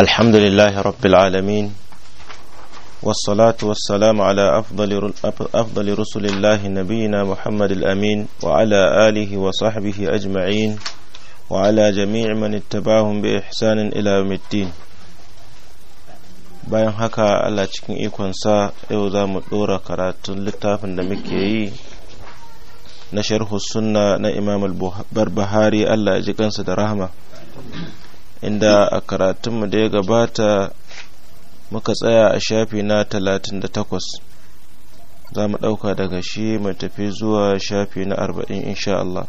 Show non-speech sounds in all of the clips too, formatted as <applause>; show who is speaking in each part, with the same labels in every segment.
Speaker 1: الحمد لله رب العالمين والصلاة والسلام على أفضل أفضل رسل الله نبينا محمد الأمين وعلى آله وصحبه أجمعين وعلى جميع من اتبعهم بإحسان إلى يوم الدين bayan haka Allah cikin ikonsa yau za mu ɗora karatun littafin da muke yi na sharhu sunna na imam al-barbahari Allah ya ji kansa da rahama inda a karatunmu da ya gabata muka tsaya a shafi na 38 za mu ɗauka daga shi mai tafi zuwa shafi na 40 insha Allah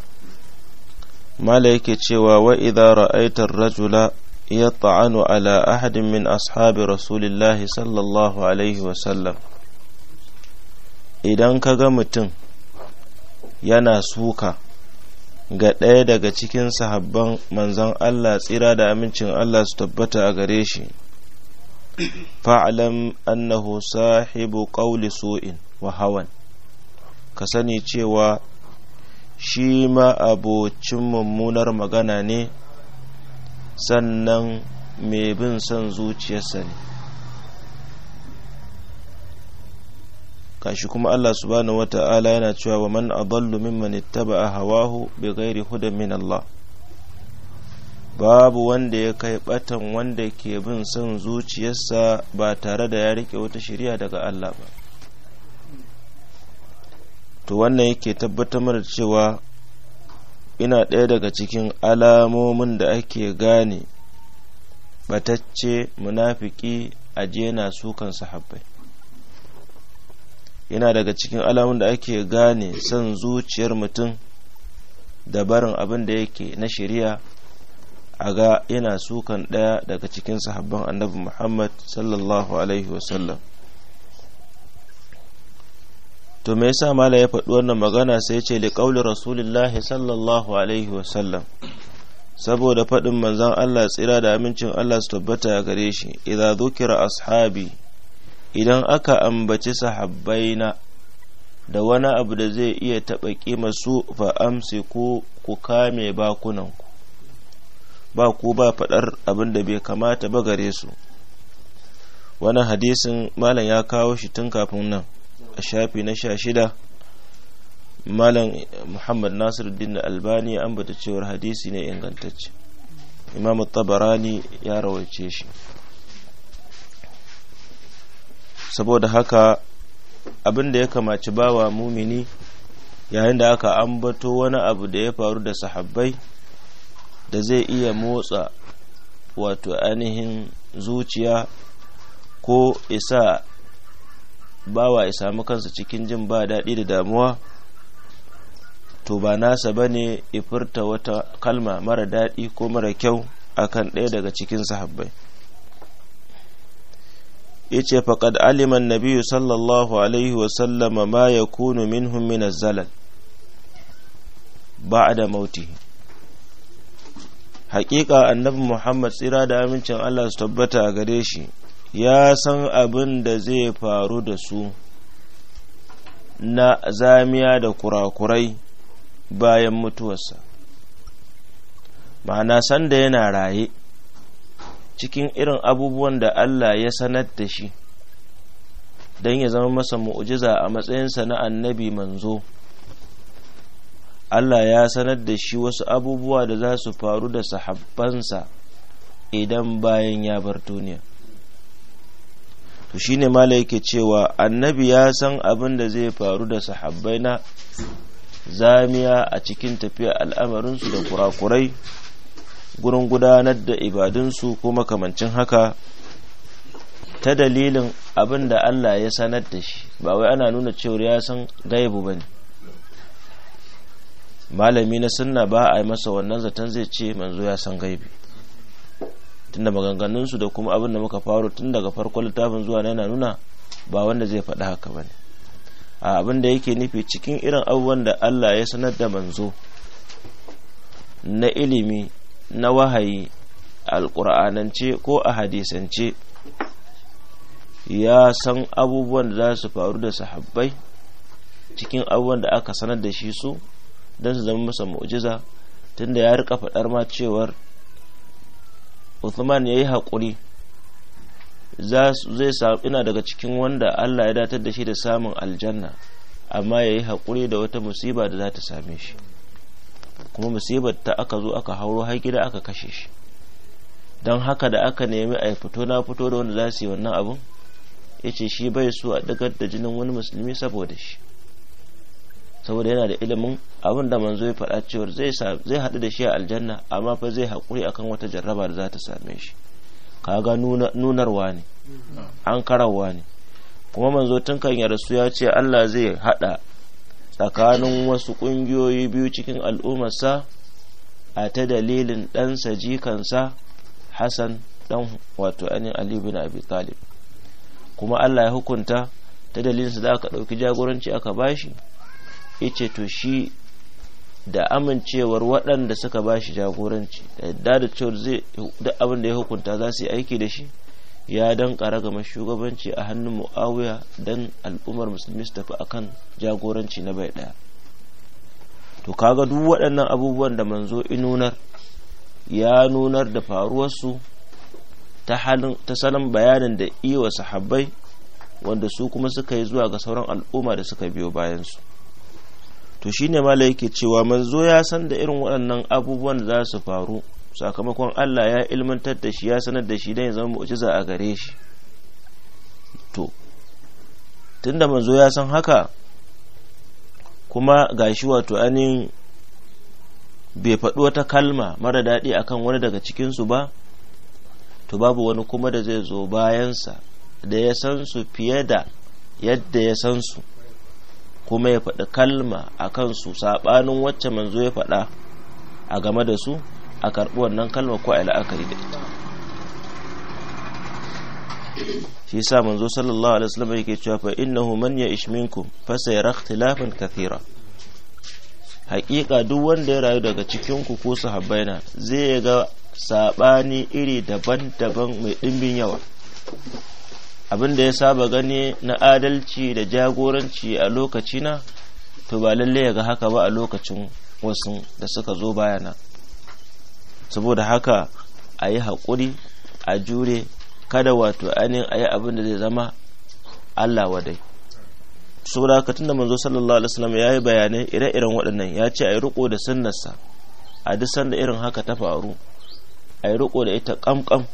Speaker 1: mala yake cewa wa idza ra'aitar rajula ya ta'anu ala ahadin min ashabi rasulillahi sallallahu alaihi wasallam idan ka ga mutum yana suka ga ɗaya daga cikin sahabban manzan Allah tsira da amincin Allah su tabbata a gare shi fa'alam annahu sahibu ƙauli so'in wa hawan ka sani cewa shi ma abocin mummunar magana ne sannan mai bin son zuciyarsa ne kashi kuma Allah subhanahu ta'ala yana cewa wa man adallu mimman ittaba hawahu bighairi hudan min Allah babu wanda ya kai batan wanda ke bin son zuciyarsa ba tare da ya rike wata shari'a daga Allah ba to wannan yake tabbatar da cewa ina ɗaya daga cikin alamomin da ake gane batacce munafiki na sukan sahabbai yana daga cikin alamun da ake gane son zuciyar mutum da barin abin da yake na shari'a a ga yana sukan ɗaya daga cikin sahabban annabi muhammad sallallahu alaihi wasallam to me yasa mala ya faɗi wannan magana sai ce li ƙaunar rasulillahi sallallahu alaihi wasallam saboda faɗin manzon Allah tsira da amincin Allah su tabbata gare shi idan zukira ashabi idan aka ambaci sahabbaina da wani abu da zai iya taɓa masu su fa'amsi ko ku kame bakunanku ba ku ba faɗar abin da bai kamata ba gare su wani hadisin malam ya kawo shi tun kafin nan a shafi na sha shida malam muhammad nasiruddin albani ya ambata cewar hadisi ne ingantacce imam tabarani ya rawaice shi saboda haka abin da ya kamaci bawa mumini yayin da aka ambato wani abu da ya faru da sahabbai da zai iya motsa wato ainihin zuciya ko isa bawa ya samu kansa cikin jin ba daɗi da damuwa to ba nasa ba ne ifirta wata kalma mara daɗi ko mara kyau akan ɗaya daga cikin sahabbai yace faqad alima an-nabiy sallallahu alaihi wa sallama ma yakunu minhum min az-zalal ba'da mautih haƙiƙa annabi Muhammad tsira da amincin Allah su tabbata a gare shi ya san abin da zai faru da su na zamiya da kurakurai bayan mutuwarsa ma'ana sanda yana raye cikin irin abubuwan da Allah ya sanar da shi don ya zama masa mu'jiza a matsayinsa na annabi manzo Allah ya sanar da shi wasu abubuwa da za su faru da sahabbansa idan bayan ya bar duniya to shine mala yake cewa annabi ya san abin da zai faru da sahabbai na zamiya a cikin tafiya al'amarinsu da kurakurai gurin gudanar da ibadunsu ko makamancin haka ta dalilin abin da Allah ya sanar da shi ba wai ana nuna cewar ya san gaibu ba ne malami na sunna ba a yi masa wannan zaton zai ce manzo ya san gaibi tunda maganganunsu da kuma abin da muka faru tun daga farkon littafin zuwa yana nuna ba wanda zai faɗi haka ba ne a abin da yake nufi cikin irin abubuwan da Allah ya sanar da manzo na ilimi na wahayi alƙur'anance ko a hadisance ya san abubuwan da za su faru da sahabbai cikin abubuwan da aka sanar da shi su don su zama masa mu'jiza tunda ya rika faɗar ma cewar usman ya yi haƙuri zai samu ina daga cikin wanda Allah ya datar da shi da samun aljanna amma ya yi haƙuri da wata musiba da za ta same shi kuma musibar ta aka zo aka hauro har gida aka kashe shi don haka da aka nemi a fito na fito da wanda za su yi wannan abin ya ce shi bai so a dagar da jinin wani musulmi saboda shi saboda yana da ilimin abin da manzo ya faɗa cewar zai haɗu da shi a aljanna amma fa zai haƙuri akan wata jarraba da za ta same shi kaga nunarwa ne mm. an karawa ne kuma manzo tun kan ya rasu ya ce Allah zai haɗa tsakanin wasu ƙungiyoyi biyu cikin al'ummarsa a ta dalilin ɗansa jikansa hassan ɗan wato ainihin ali bin abi talib kuma allah ya hukunta ta dalilinsa da aka ɗauki jagoranci aka bashi ice to shi da amincewar waɗanda suka bashi jagoranci da yadda da cewar zai duk abin da ya hukunta za su yi aiki da shi ya danka ragamar shugabanci a hannun mu'awiya don al'ummar musulmi su tafi akan jagoranci na bai ɗaya to kaga duk waɗannan abubuwan da manzo inunar ya nunar da faruwarsu ta ta salon bayanin da iya wa sahabbai wanda su kuma suka yi zuwa ga sauran al'umma da suka biyo bayansu to shine ne yake cewa manzo ya san da irin waɗannan abubuwan za su faru sakamakon Allah ya ilmantar da shi ya sanar da shi don ya zama mu'jiza a gare shi to tunda manzo ya san haka kuma gashi wato anin bai faɗi wata kalma mara daɗi akan wani daga cikinsu ba to babu wani kuma da zai zo bayansa da ya san su fiye da yadda ya san su kuma ya faɗi kalma a kansu saɓanin wacce manzo ya faɗa a game da su a karɓi wannan kalma ko a la'akari da ita shi sa manzo sallallahu alaihi wasallam yake cewa fa innahu man ya'ish minkum fa sayara ikhtilafan kathira haƙiƙa duk wanda ya rayu daga cikin ku ko sahabbaina zai ga sabani iri daban-daban mai ɗimbin yawa abin da ya saba gani na adalci da jagoranci a lokacina to ba lalle ya ga haka ba a lokacin wasu da suka zo bayana saboda haka a yi haƙuri a jure kada wato ainihin a yi abin da zai zama allah wadai saboda haka da manzo sallallahu alaihi wasallam ya yi bayanai ire-iren waɗannan ya ce a yi riƙo da sunnarsa a duk sanda irin haka ta faru a yi riko da ita ƙamƙam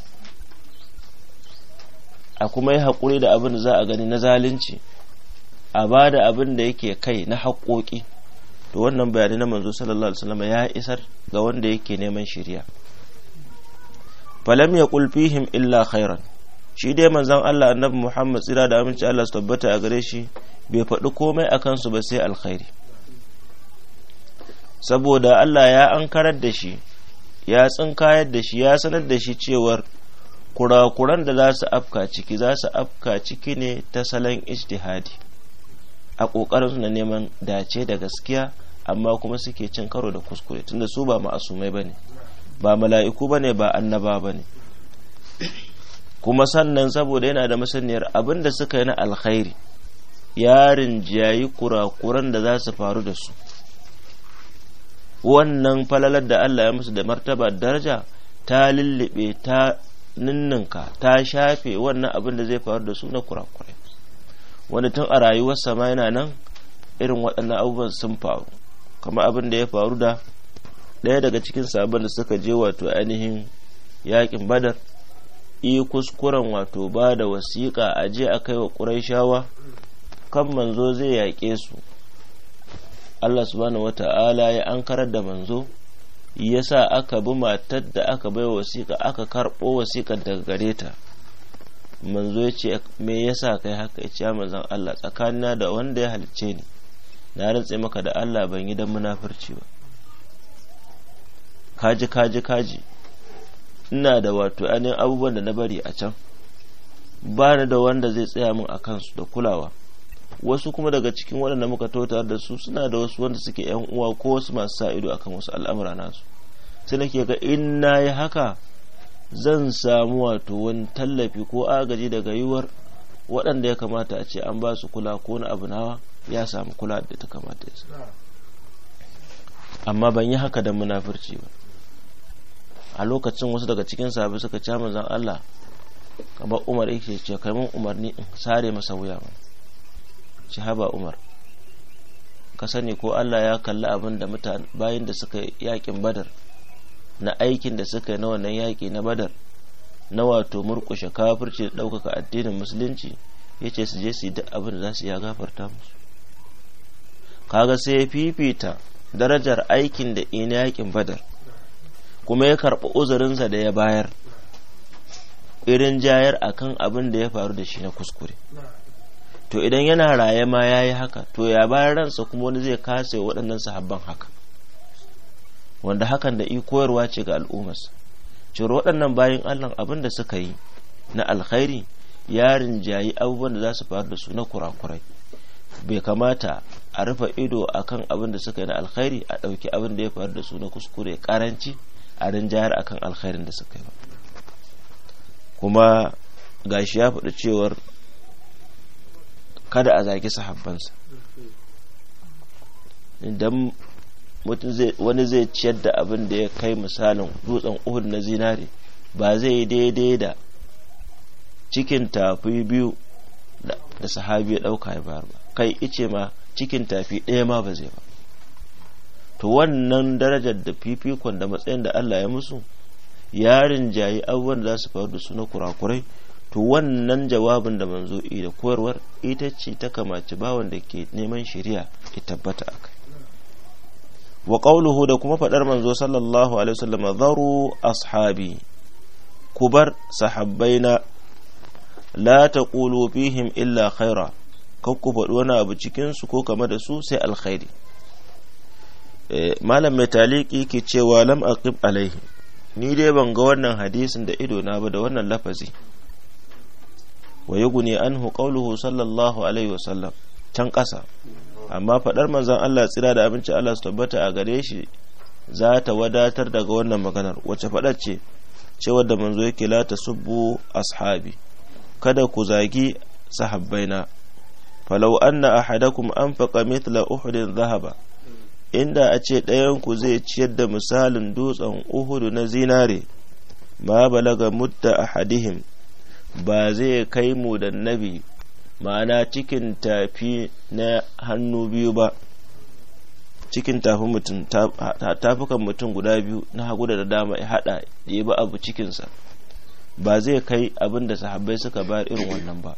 Speaker 1: a kuma yi haƙuri da abin da za a gani na zalunci a ba da abin da yake kai na haƙoƙi to wannan bayanai na manzo sallallahu alaihi wasallam ya isar ga wanda yake neman shiriya falam ya fihim illa khairan shi dai manzon Allah annabi Muhammad tsira da aminci Allah su tabbata a gare shi bai faɗi komai a kansu ba sai alkhairi saboda Allah ya ankarar da shi ya tsinkayar da shi ya sanar da shi cewar kurakuran da za su afka ciki za su afka ciki ne ta salon ijtihadi a su na neman dace da gaskiya amma kuma suke cin karo da kuskure tunda su ba ma'asumai bane ba mala'iku bane ba annaba bane kuma sannan saboda yana da masaniyar abin da suka yi na alkhairi yarin jiyayi kurakuran da za su faru da su wannan falalar da Allah ya musu da martaba daraja ta lullube ta ninninka ta shafe wannan abin da zai faru da su na kurakurai wani tun a rayuwar ma yana nan irin waɗannan abubuwan sun faru kamar abin da ya faru da ɗaya daga cikin sabon da suka je wato ainihin yaƙin badar i kuskuren wato ba da wasiƙa a je a kai wa ƙuraishawa kan manzo zai yaƙe su Allah subhanahu wa ta'ala ya karar da manzo ya sa aka bi matar da aka bai wasiƙa aka karɓo wasiƙa daga gare ta manzo ya ce me sa kai haka ya ce manzon Allah tsakanina da wanda ya halicce ni na rantse maka da Allah ban yi dan munafurci ba kaji kaji kaji ina da wato ainihin abubuwan da na bari a can ba ni da wanda zai tsaya min a kansu da kulawa wasu kuma daga cikin waɗanda muka tota da su suna da wasu wanda suke yan uwa ko wasu masu sa ido akan wasu al'amura nasu sai nake ga in na yi haka zan samu wato wani tallafi ko agaji daga yiwuwar waɗanda ya kamata a ce an ba su kula ko na abu nawa ya samu kula da ta kamata ya amma ban yi haka da munafurci ba a lokacin wasu daga cikin sabi suka ci zan Allah kamar umar yake ce kai mun umarni in sare masa wuya ba ci haba umar ka sani ko Allah ya kalli abin da mutane bayan da suka yakin badar na aikin da suka yi na wannan yaki na badar na wato murkushe kafirci da ɗaukaka addinin musulunci ya ce su je su yi duk abin da za su ya gafarta musu kaga sai ya fifita darajar aikin da ina yakin badar kuma ya karɓi uzurinsa da ya bayar irin jayar a kan abin da ya faru da shi na kuskure to idan yana raye ma ya yi haka to ya bayar ransa kuma wani zai kasa waɗannan sahabban haka wanda hakan da i koyarwa ce ga al'ummas ciro waɗannan bayan allah abin da suka yi na alkhairi ya rinjayi abubuwan da za su faru da su na kurakurai bai kamata a rufe ido a kan abin da suka yi na alkhairi a ɗauki abin da ya faru da su na kuskure karanci a rinjayar kan alkhairin da suka yi kuma gashi ya faɗi cewar kada a zagi sahabbansa idan wani zai ciyar da abin da ya kai misalin dutsen uhud na zinare ba zai yi daidai da cikin tafi biyu da sahabi ya ɗauka ya bayar ba kai ice ma cikin tafi ɗaya ma ba zai ba to wannan darajar da fifikon da matsayin da Allah ya musu yarin jayi abubuwan da za su faru da su na kurakurai to wannan jawabin da manzo da koyarwar ita ce ta kamaci bawan da ke neman shari'a ya tabbata akai wa qauluhu da kuma faɗar manzo sallallahu alaihi wasallam zaru ashabi kubar sahabbaina la taqulu fihim illa khaira ku faɗi wani abu cikinsu ko kama da su sai alkhairi eh, malam mai taliki ke cewa lam aqib alaihi ni dai ban ga wannan hadisin da ido na ba da wannan lafazi wa yughni anhu qawluhu sallallahu alaihi wa can ƙasa amma faɗar manzon Allah tsira da abinci Allah su tabbata a gare shi za ta wadatar daga wannan maganar wace faɗar ce cewa da manzo yake la tasubbu ashabi kada ku zagi sahabbaina falau anna ahadakum anfaqa mithla uhudin zahaba inda a ce ɗayanku zai ciyar da misalin dutsen uhudu na zinare ma balaga mutta ahadihim ba zai kai mu da nabi ma'ana cikin tafi na hannu biyu ba cikin tafi mutum tafukan mutum guda biyu na hagu da dama ya haɗa ya ba abu cikinsa ba zai kai abin da sahabbai suka bayar irin wannan ba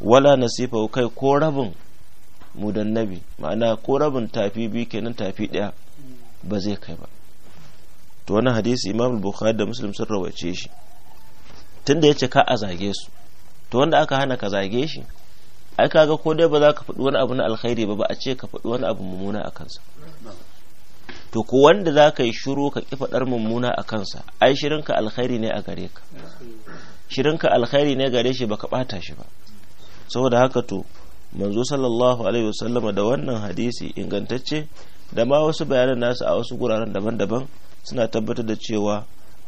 Speaker 1: wala nasifa kai ko rabin mudannabi ma'ana ko rabin tafi biyu kenan tafi ɗaya ba zai kai ba to wani hadisi imam bukhari da muslim sun rawace shi tunda ya ce ka a zage su to wanda aka hana ka zage shi ai kaga ko dai ba za ka faɗi wani abu na alkhairi ba ba a ce ka faɗi wani abu mummuna a kansa to ko wanda za ka yi shiru ka ki faɗar mummuna a kansa ai shirinka alkhairi ne a gare ka shirinka alkhairi ne gare shi baka ɓata shi ba saboda haka to manzo sallallahu alaihi wasallama da wannan hadisi ingantacce da ma wasu bayanan nasu a wasu guraren daban-daban suna tabbatar da cewa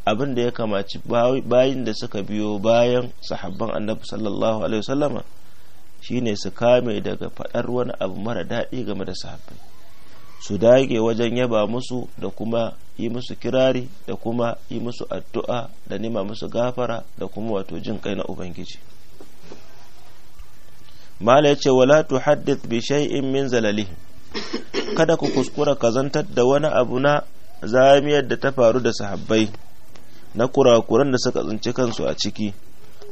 Speaker 1: abin da ya kamaci bayin da suka biyo bayan sahabban annabi sallallahu alaihi wasallama shine su kame daga faɗar wani abu mara daɗi game da sahabbai su dage wajen yaba musu da kuma yi musu kirari da kuma yi musu addu'a da nima musu gafara da kuma wato jin kai na ubangiji mala yace wala tuhaddith bi shay'in min zalalihi kada ku kuskura kazantar da wani abu na zamiyar da ta faru da sahabbai na kurakuran da suka tsinci kansu a ciki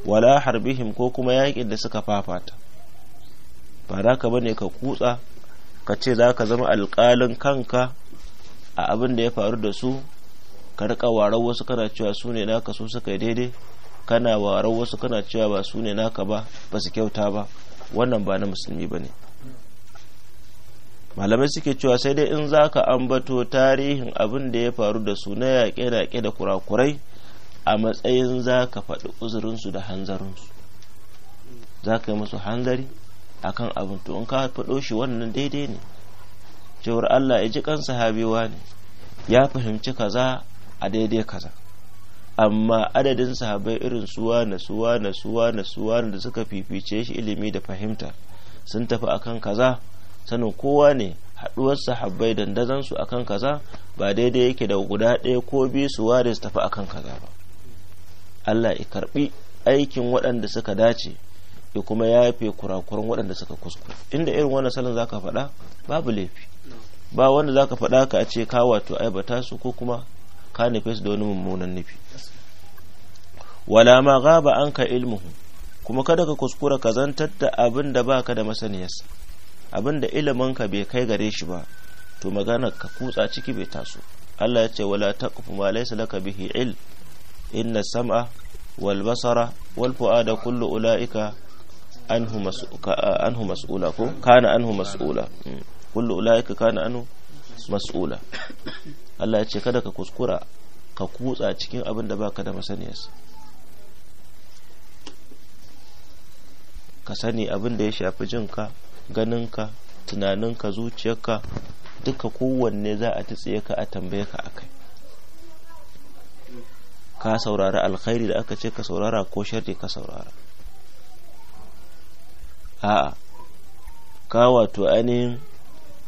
Speaker 1: wala harbihim ko kuma yakin da suka fafata ba za ka bane ka kutsa ka ce za ka zama alƙalin kanka a abin da ya faru da su ka riƙa warar wasu kana cewa su ne naka su suka yi daidai kana warar wasu kana cewa ba su ne naka ba ba su kyauta ba wannan ba na musulmi ba ne malamai suke cewa sai dai in za ka ambato tarihin abin da ya faru da su na yaƙe-yaƙe da kurakurai a matsayin za ka faɗi uzurinsu da hanzarinsu za ka yi musu hanzari a kan abin to in ka faɗo shi wannan daidai ne cewar allah ya ji kan sahabiwa ne ya fahimci kaza a daidai kaza amma adadin sahabai irin suwa na suwa na suwa na suwa da suka fifice shi ilimi da fahimta sun tafi akan kaza sanin kowa ne haɗuwar sahabbai dandazon su akan kaza ba daidai yake da guda ɗaya ko biyu su ware su tafi akan kaza ba Allah ya karbi aikin waɗanda suka dace ya kuma yafe kurakuran waɗanda suka kuskure inda irin wannan salon zaka faɗa babu laifi ba wanda zaka faɗa ka a ce ka wato aibata su ko kuma kanifes nufe da wani mummunan nufi wala ma gaba an ka ilmuhu kuma kada ka kuskura ka zantar da abin da baka da masaniyarsa abin da iliminka bai kai gare shi ba to magana ka kutsa ciki bai taso Allah ya ce wala taqfu ma laysa laka bihi il inna sam'a wal basara wal fuada kullu ulaika anhu mas'uka anhu mas'ula ko kana anhu mas'ula hmm. kullu ulaika kana anhu mas'ula Allah ya ce kada ka kuskura ka kutsa cikin abin da ba ka da masaniyarsa ka sani abin da ya shafi jinka ganinka tunaninka zuciyarka duka kowanne za a titsiye ka a tambaye ka akai ka saurara alkhairi da aka ce ka saurara ko sharri ka saurara a'a ka wato ainihin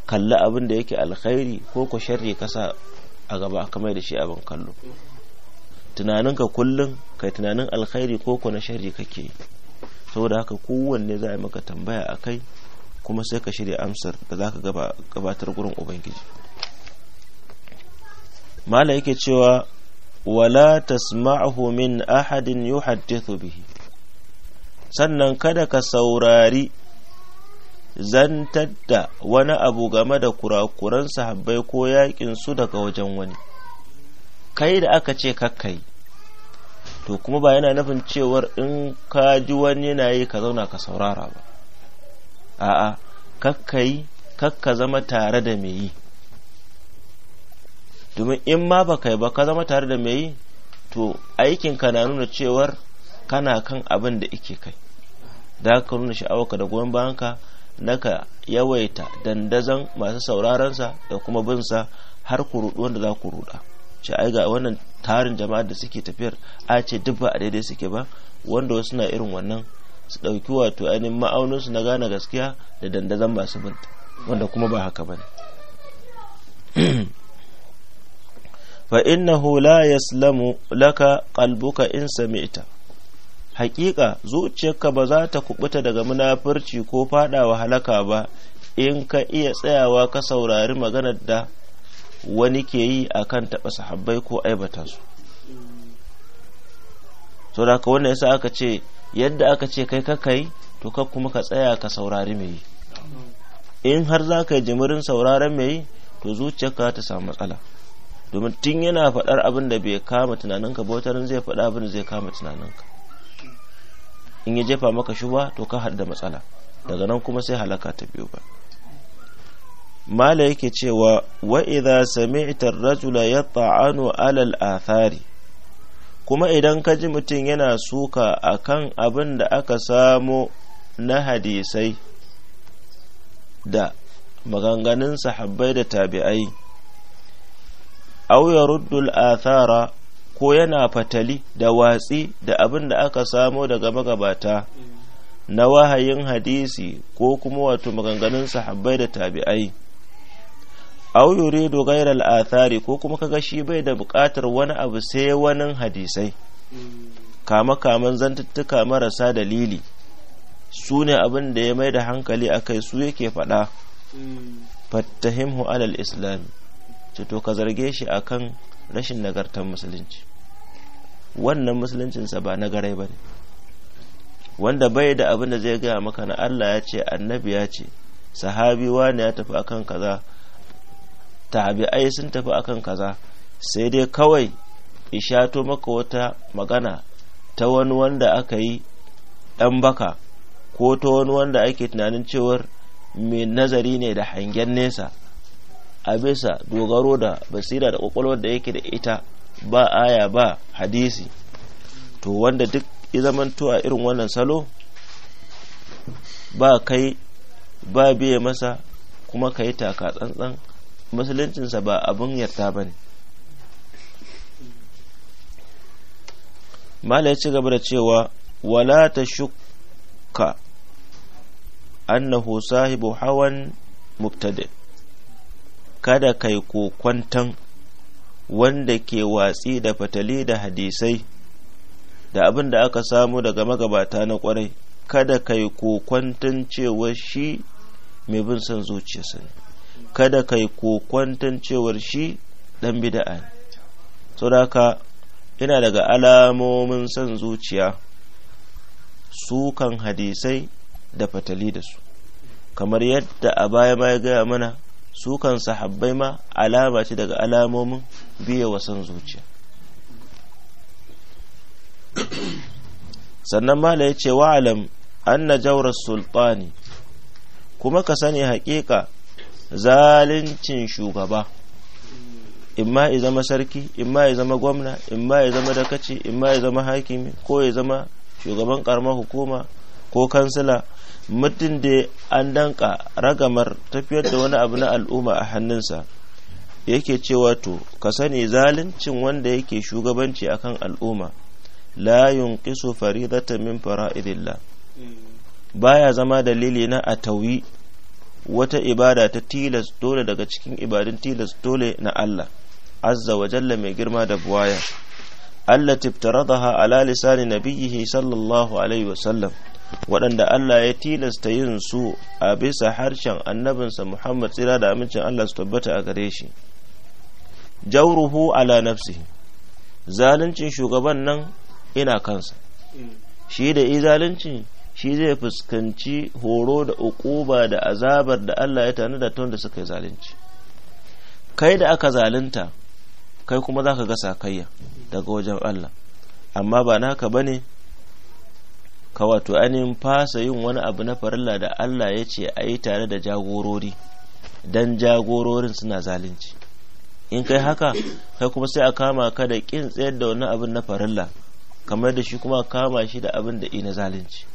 Speaker 1: kalli abin da yake alkhairi ko ko sharri ka sa a gaba aka mai da shi abin kallo tunaninka kullum kai tunanin alkhairi ko ko na shari kake saboda haka kowanne za a maka tambaya a kai kuma sai ka shirya amsar da za ka gabatar gurin ubangiji mala yake cewa wala tasma'ahu min ahadin yuhaddithu bihi sannan kada ka saurari zantar da wani abu game da kurakuran sahabbai ko yakin su daga wajen wani kai da aka ce kakkai to kuma ba yana nufin cewar in ka ji wani yana yi ka zauna ka saurara ba a'a kakkai kakka zama tare da mai yi domin in ma ba kai ba ka zama tare da mai yi to aikin ka na nuna cewar kana kan abin da ike kai da ka nuna sha'awarka da goyon bayanka naka yawaita dandazan masu saurarensa da kuma binsa har ku rudu wanda za ku ruda shi ai ga wannan tarin jama'a da suke tafiyar a ce duk ba a daidai suke ba wanda wasu na irin wannan su ɗauki wato ainihin ma'aunin su na gane gaskiya da dandazan masu binta wanda kuma ba haka bane <clears throat> fa innahu la yaslamu laka qalbuka in sami'ta haƙiƙa zuciyarka ba za ta kubuta daga munafurci ko faɗawa halaka ba in ka iya tsayawa ka saurari maganar da wani ke yi a kan taɓa sahabbai ko aibata su so da ka wannan yasa aka ce yadda aka ce kai ka kai to ka kuma ka tsaya ka saurari mai yi in har za ka yi jimirin sauraron mai yi to zuciyarka ta samu matsala domin tun yana faɗar abin da bai kama tunaninka ba zai faɗa abin da zai kama tunaninka in ya jefa maka shuba to ka haɗu da matsala daga nan kuma sai halaka ta biyu ba mala yake cewa wa idza sami'ta ar-rajula yata'anu 'ala al-athari kuma idan ka ji mutum yana suka akan abin da aka samu na hadisai da maganganun sahabbai da tabi'ai aw yaruddu al-athara ko yana fatali da watsi da abin da aka samo daga magabata na wahayin hadisi ko kuma wato maganganun sahabbai da tabi'ai au yuri ghayra al ko kuma kaga shi bai da buƙatar wani abu sai wani hadisai kama kaman zantuttuka marasa dalili su ne abin da ya mai da hankali a kai su yake faɗa hmm. fattahimhu alal islam ce to ka zarge shi akan rashin nagartar musulunci wannan musuluncinsa ba nagarai ba ne wanda bai da abin da zai gaya maka na Allah ya ce annabi ya ce sahabi wani ya tafi akan kaza tabi'ai sun tafi akan kaza sai dai kawai ishato maka wata magana ta wani wanda aka yi ɗan baka ko ta wani wanda ake tunanin cewar mai nazari ne da hangen nesa a dogaro da basira da kwakwalwar da yake da ita ba aya ba hadisi to wanda duk ya zamanto a irin wannan salo ba kai ba biye masa kuma ka yi taka tsantsan musuluncinsa ba abin yarda ba ne mala ya ci gaba da cewa wala ta shuka annahu sahibu hawan mubtadi kada kai kokwantan wanda ke watsi da fatali da hadisai da abin da aka samu daga magabata na kwarai kada kai kokwantan cewar shi mai bin son zuciyarsa ne kada kai kokwantan cewar shi dan bida'a ne saboda yana daga alamomin son zuciya sukan hadisai da fatali da su kamar yadda a baya ma ya gaya mana su kan sahabbai ma alama ce daga alamomin biya wa zuciya sannan ma ya ce wa'alam anna jawrar sultani kuma ka sani haƙiƙa zalincin shugaba imma ya zama sarki imma ya zama gwamna imma ya zama dakaci imma ya zama hakimi ko ya zama shugaban karamar hukuma ko kansila mutum da an danka ragamar tafiyar da wani abu na al'umma a hannunsa yake cewa to ka sani zaluncin wanda yake shugabanci akan al'umma la yunqisu faridata min fara'idillah baya zama dalili na a tauyi wata ibada ta tilas dole daga cikin ibadun tilas dole na Allah azza wa jalla mai girma da buwaya allati iftaradaha ala lisani nabiyhi sallallahu alaihi wa sallam waɗanda Allah ya tilasta yin su a bisa harshen annabinsa Muhammad tsira da amincin Allah su tabbata a gare shi jauruhu ala nafsi zaluncin shugaban nan ina kansa shi da zaluncin shi zai fuskanci horo da ukuba da azabar da Allah ya tanu da tun da suka yi zalunci kai da aka zalunta kai kuma za ka ga sakayya daga wajen Allah amma ba naka ba ne ka wato ainihin fasa yin wani abu na farilla da Allah ya ce a yi tare da jagorori don jagororin suna zalunci in kai haka kai kuma sai a kama ka da kin tsayar da wani abin na farilla kamar da shi kuma kama shi da abin da ina zalunci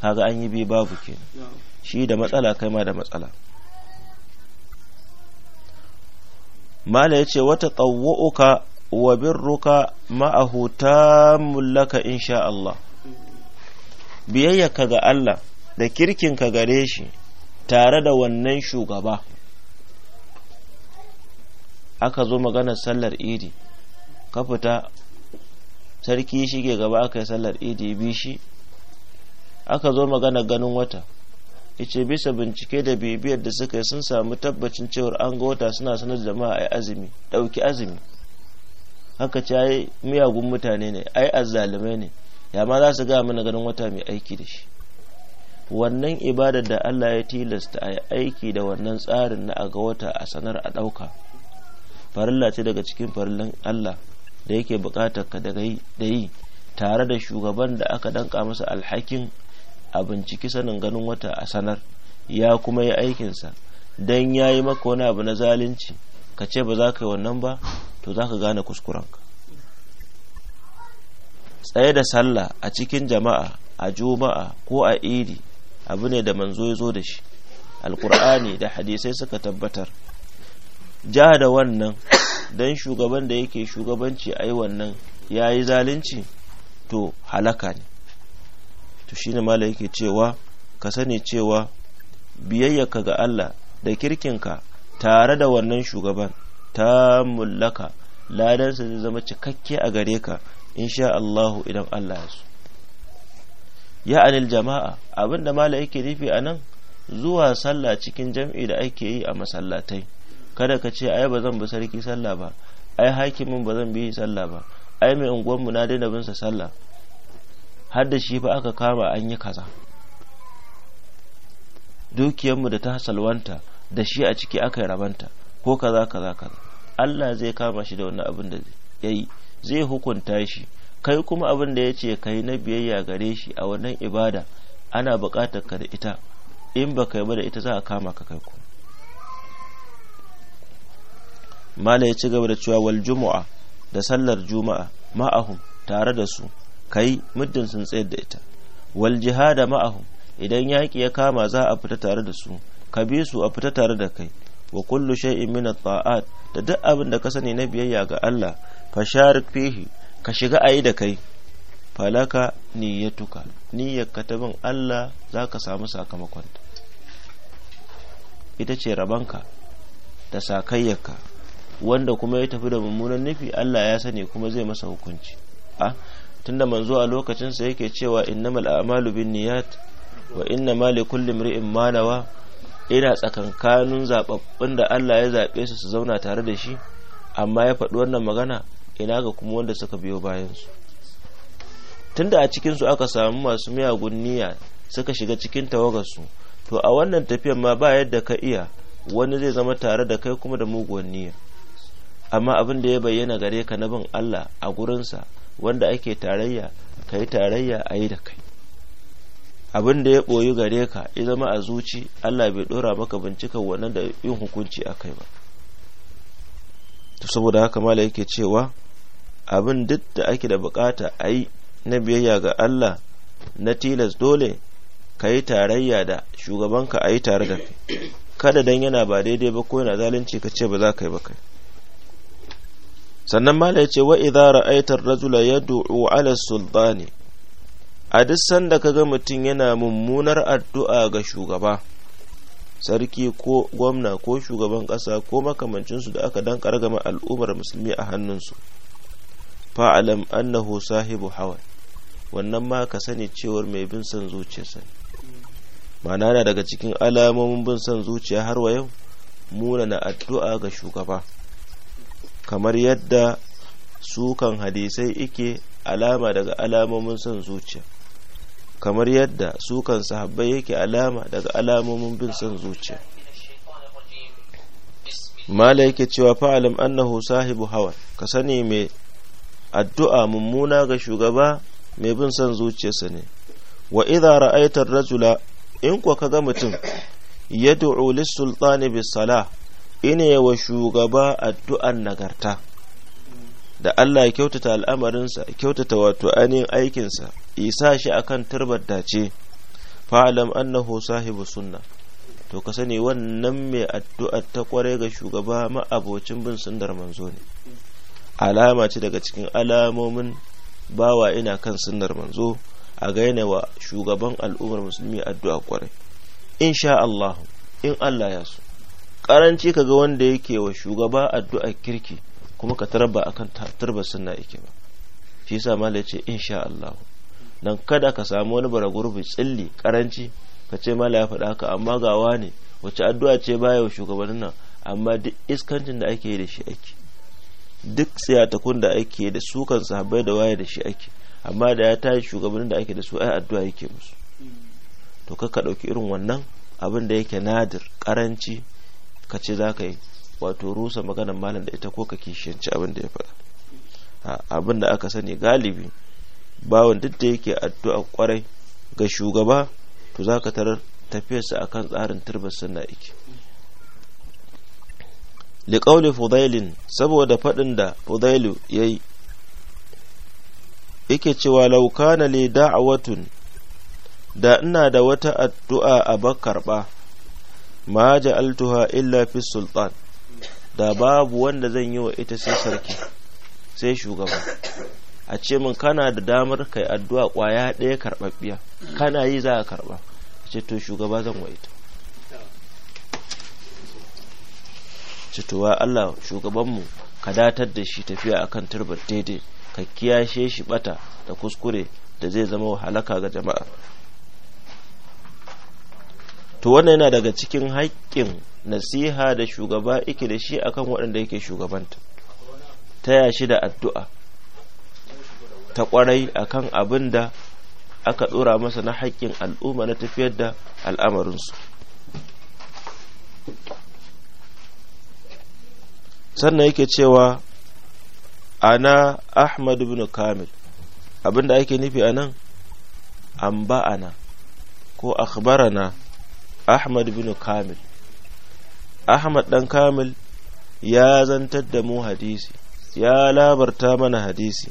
Speaker 1: kaga an yi bi babu kenan shi da matsala kai ma da matsala mala ya ce wata tsawo'uka wa birruka ma'ahu ta mullaka insha Allah biyayyarka ga Allah da kirkin ka gare shi tare da wannan shugaba aka zo maganar sallar idi ka fita sarki shige gaba aka yi sallar idi bi shi aka zo maganar ganin wata ice bisa bincike da bibiyar da suka yi sun samu tabbacin cewar an ga wata suna sanar da jama'a yi azumi ɗauki azumi haka ce ai miyagun mutane ne ai azzalumai ne ya ma za su gaya mana ganin wata mai aiki da shi wannan ibadar da Allah ya tilasta a yi aiki da wannan tsarin na aga wata a sanar a ɗauka farilla ce daga cikin farillan Allah da yake buƙatar ka da yi tare da shugaban da aka danka masa alhakin a binciki sanin ganin wata a sanar ya kuma yi aikinsa don ya yi maka wani abu na zalunci ka ce ba za ka yi wannan ba to za ka gane kuskurenka tsaye da sallah a cikin jama'a a juma'a ko a idi abu ne da manzo ya zo da shi alkur'ani da hadisai suka tabbatar ja da wannan dan shugaban da yake shugabanci a yi wannan ya yi zalunci to halaka ne to shi ne mala yake cewa ka sani cewa biyayyaka ga Allah da kirkinka tare da wannan shugaban ta mullaka ladansa zai zama cikakke a gare ka insha Allah idan Allah ya so ya anil jama'a abinda mala yake nufi a nan zuwa sallah cikin jam'i da ake yi a masallatai kada ka ce ai ba zan bi sarki sallah ba ai hakimin ba zan bi sallah ba ai mai unguwanmu na daina bin sa sallah har da shi ba aka kama an yi kaza dukiyarmu da ta salwanta da shi a ciki aka yi rabanta ko kaza kaza kaza Allah zai kama shi da wani abin da ya yi zai hukunta shi kai kuma abin da ya ce kai na biyayya gare shi a wannan ibada ana buƙatar ka da ita in ba yi ba da ita za a kama ka kai ku mala ya ci gaba da cewa wal juma'a da sallar juma'a ma'ahum tare da su kai muddin sun tsayar da ita wal jihada ma'ahum idan yaki ya kama za a fita tare da su ka bi su a fita tare da kai wa kullu shay'in min at-ta'at da duk abin da ka sani na biyayya ga Allah fasharik fihi ka shiga a yi da kai falaka niyyatuka niyyarka ta bin Allah za ka samu ta ita ce rabanka da sakayyarka wanda kuma ya tafi da mummunan nufi Allah ya sani kuma zai masa hukunci a tunda manzo a lokacinsa yake cewa innamal a'malu bin niyat wa inna ma li kulli imri'in ma nawa ina tsakankanin zababbun da Allah ya zabe su su zauna tare da shi amma ya faɗi wannan magana ina ga kuma wanda suka biyo bayansu tunda a cikinsu aka samu masu miyagun niyya suka shiga cikin tawagarsu to a wannan tafiyar ma ba yadda ka iya wani zai zama tare da kai kuma da muguwan niyya amma abin da ya bayyana gare ka na bin Allah a gurinsa wanda ake tarayya ka yi tarayya a yi da kai abin da ya ɓoyi gare ka ya zama a zuci Allah bai ɗora maka bincikan wannan da yin hukunci a kai ba to saboda haka mala yake cewa abin duk da ake da bukata a yi na biyayya ga Allah na tilas dole ka yi tarayya da shugabanka a yi tare da kai kada dan yana ba daidai ba ko yana zalunci ka ce ba za ka yi ba kai sannan mala yace wa idza ra'aita ar-rajula yad'u 'ala sultani a duk sanda kaga mutum yana mummunar addu'a ga shugaba sarki ko gwamna ko shugaban ƙasa ko makamancinsu da aka dan ga al'ummar musulmi a hannunsu fa'alam annahu sahibu hawa wannan ma ka sani cewar mai bin son zuciya sani ma'ana na daga cikin alamomin bin son zuciya har wa yau muna na addu'a ga shugaba kamar yadda sukan hadisai ike alama daga alamomin son zuciya kamar yadda sukan sahabbai yake alama daga alamomin bin son zuciya mala yake cewa fa'alam annahu sahibu hawa ka sani mai addu'a mummuna ga shugaba mai bin son zuciyarsa ne wa idza ra'aita rajula in kuwa ga mutum ya lis-sultani bisala salah ine wa shugaba addu'an nagarta da Allah ya kyautata al'amarinsa kyautata wato ainihin aikinsa isa shi akan turbar dace fa'alam annahu sahibu sunna to ka sani wannan mai addu'ar ta kware ga shugaba ma'abocin bin sundar manzo ne alama ce daga cikin alamomin bawa ina kan sunnar manzo a gaina wa shugaban al'ummar musulmi addu'a kwarai insha Allah in Allah ya so karanci kaga wanda yake wa shugaba addu'a kirki kuma ka tarba akan tarba sunna yake ba shi yasa malai ce insha Allah dan kada ka samu wani baragurbi tsilli karanci ka ce malai ya faɗa haka amma gawa ne wace addu'a ce baya wa shugabannin nan amma duk iskancin da ake yi da shi ake duk siyatakun da ake da su kan sahabbai da waye da shi ake amma da ya tashi shugabannin da ake da su ai addu'a yake musu to ka ka dauki irin wannan abin da yake nadir karanci ka ce za ka yi wato rusa maganar malam da ita ko ka kishiyanci abin da ya faɗa abin da aka sani galibi bawan duk da yake addu'a kwarai ga shugaba to za ka tarar tafiyarsa akan tsarin turbar sunna yake liƙauli fudailin saboda faɗin da fudailu ya yi yake cewa lauka laukana le da'awatun da ina da wata addu'a a bakarɓa ma altuha illa fi sultan da babu wanda zan yi wa ita sai sarki sai shugaba a ce min kana da damar kai addu'a ƙwaya ɗaya karɓaɓɓiya kana yi za a karɓa ce to shugaba zan wa ita cituwa Allah shugabanmu ka datar da shi tafiya akan turbar daidai ka kiyashe shi bata da kuskure da zai zama halaka ga jama'a to wannan yana daga cikin haƙƙin nasiha da shugaba yake da shi akan waɗanda yake shugabanta taya shi da addu'a ta ƙwarai akan abin da aka ɗora masa na haƙƙin al'umma na tafiyar da al'amarinsu sannan yake cewa ana ahmad bin kamil abinda ake nufi anan an ba'ana ko na ahmad bin kamil ahmad dan kamil ya zantar da mu hadisi ya labarta mana hadisi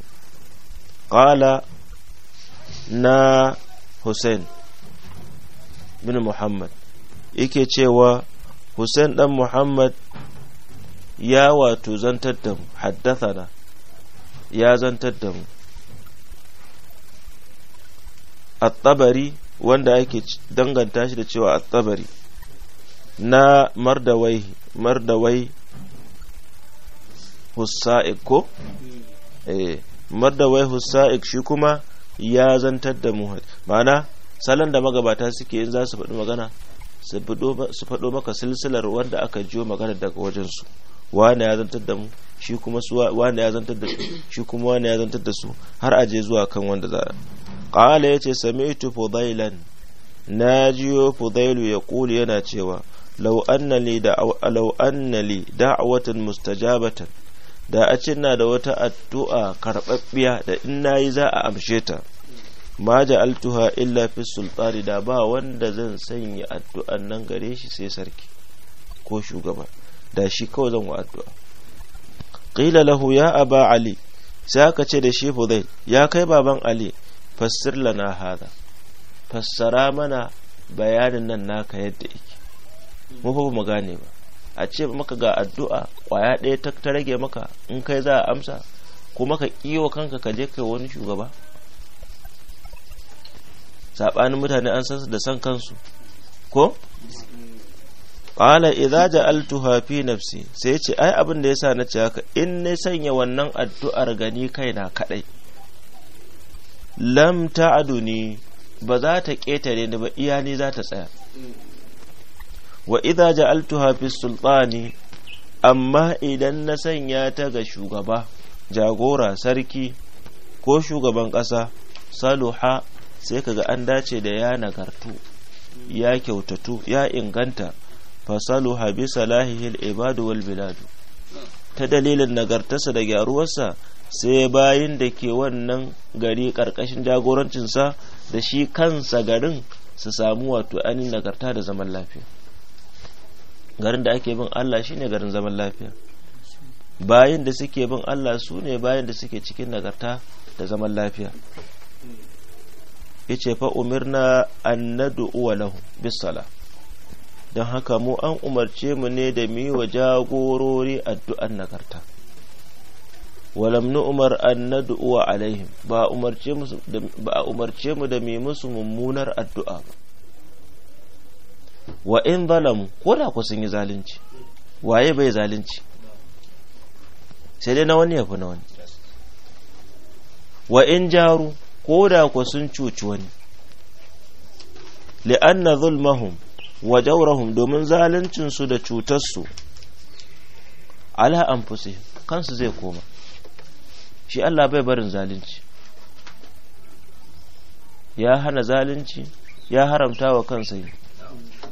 Speaker 1: ƙala na hussein bin muhammad yake cewa hussein dan muhammad ya wato zantar da mu haddathana ya zantar da mu at-tabari wanda ake danganta shi da cewa at-tabari na mardawai mardawai hussa'ik ko eh mardawai hussa'ik shi kuma ya zantar da mu ma'ana salon da magabata suke yin za su faɗi magana su faɗo maka silsilar wanda aka jiyo magana daga wajensu wane ya zantar da mu shi kuma su wane ya zantar da su shi kuma wane ya zantar da su har aje zuwa kan wanda za a qala yace sami'tu fudailan najiyo fudailu ya kuli yana cewa law li da law anna da'watan mustajabatan da a ce na da wata addu'a karɓaɓɓiya da in nayi za a amshe ta ma ja'altuha illa fi sultani da ba wanda zan sanya addu'an nan gare shi sai sarki ko shugaba da shi kawai zan wa addu'a qila lahu ya aba ali sai aka ce da shi hudayl ya kai baban ali fassir lana hada fassara mana bayanin nan naka yadda yake mu fa mu gane ba a ce maka ga addu'a kwaya ɗaya ta ta rage maka in kai za a amsa kuma ka kiwo kanka ka je kai wani shugaba saɓanin mutane an san su da san kansu ko qala idza ja'altuha fi nafsi sai ce ai abin da yasa na ce haka in ne sanya wannan addu'ar gani kaina kadai lam ta'aduni ba za ta ketare ni ba iya ni za ta tsaya wa idza ja'altuha fi sultani amma idan na sanya ta ga shugaba jagora sarki ko shugaban ƙasa saluha sai kaga an dace da ya nagartu ya kyautatu ya inganta fasalu habi salahihil ibadu wal biladu ta dalilin nagartarsa da gyaruwarsa sai bayin da ke wannan gari karkashin jagorancinsa da shi kansa garin su samu wato ainihin nagarta da zaman lafiya garin da ake bin Allah shine garin zaman lafiya bayin da suke bin Allah su ne bayin da suke cikin nagarta da zaman lafiya yace fa umirna an nad'u lahu bis salah don haka mu an umarce mu ne da mu yi wa jagorori addu'an nagarta walam nu umar an du’uwa alaihim ba a umarce mu da mu musu mummunar addu'a ba wa in balamu ko da ku sun yi zalunci waye bai zalunci sai dai na wani ya na wani wa in jaru ko da ku sun cuci wani li'anna zulmahum wa jaurahum domin zaluncinsu da cutarsu ala anfusih kansu zai koma shi Allah bai barin zalunci ya hana zalunci ya haramta wa kansa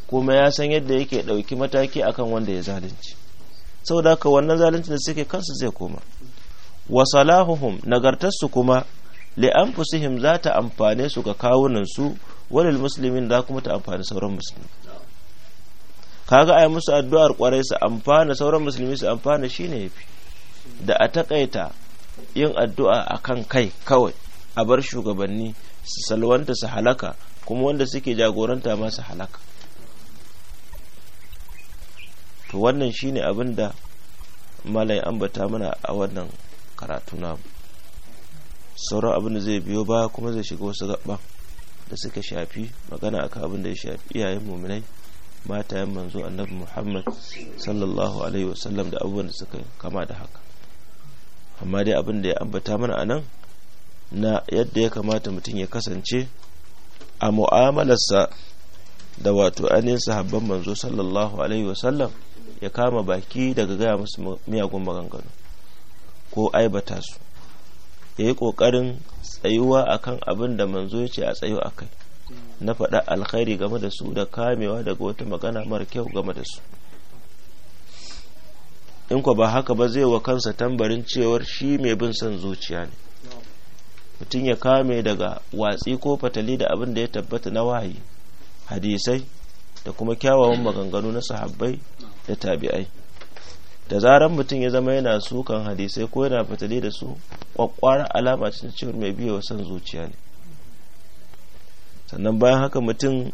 Speaker 1: kuma ya san yadda yake ɗauki mataki akan wanda ya zalunci saboda haka wannan zalunci da suke kansu zai koma wa salahuhum nagartarsu kuma li anfusihim za ta amfane su ga kawunan su walil muslimin da kuma ta amfani sauran musulmi kaga yi musu addu'ar kwarai su amfana sauran musulmi su amfana shine yafi da a takaita yin addu'a akan kai kawai a bar shugabanni su salwanta su halaka kuma wanda suke jagoranta ma su halaka to wannan shine abin da malai ambata mana a wannan karatu na sauran abin da zai biyo ba kuma zai shiga wasu gaba da suka shafi magana akan abin da ya shafi iyayen muminai matayen manzo annabi muhammad sallallahu alaihi wasallam da abubuwan da suka kama da haka amma dai abin da ya ambata mana a nan na yadda ya kamata mutum ya kasance a mu'amalarsa da wato ainihin sahabban manzo sallallahu alaihi wasallam ya kama baki daga gaya musu miyagun maganganu ko aibata su ya yi ƙoƙarin tsayuwa akan abin da manzo ya ce a tsayo a kai na faɗa alkhairi game da su da kamewa daga wata magana mara kyau game da su in ku ba haka ba zai wa kansa tambarin cewar shi mai bin son zuciya ne mutum ya kame daga watsi ko fatali da abin da ya tabbata na wahayi hadisai da kuma kyawawan maganganu na sahabbai da tabi'ai da zaran mutum ya zama yana sukan hadisai ko yana fatali da su kwakwara alama cikin cewar mai biyo son zuciya ne sannan bayan haka mutum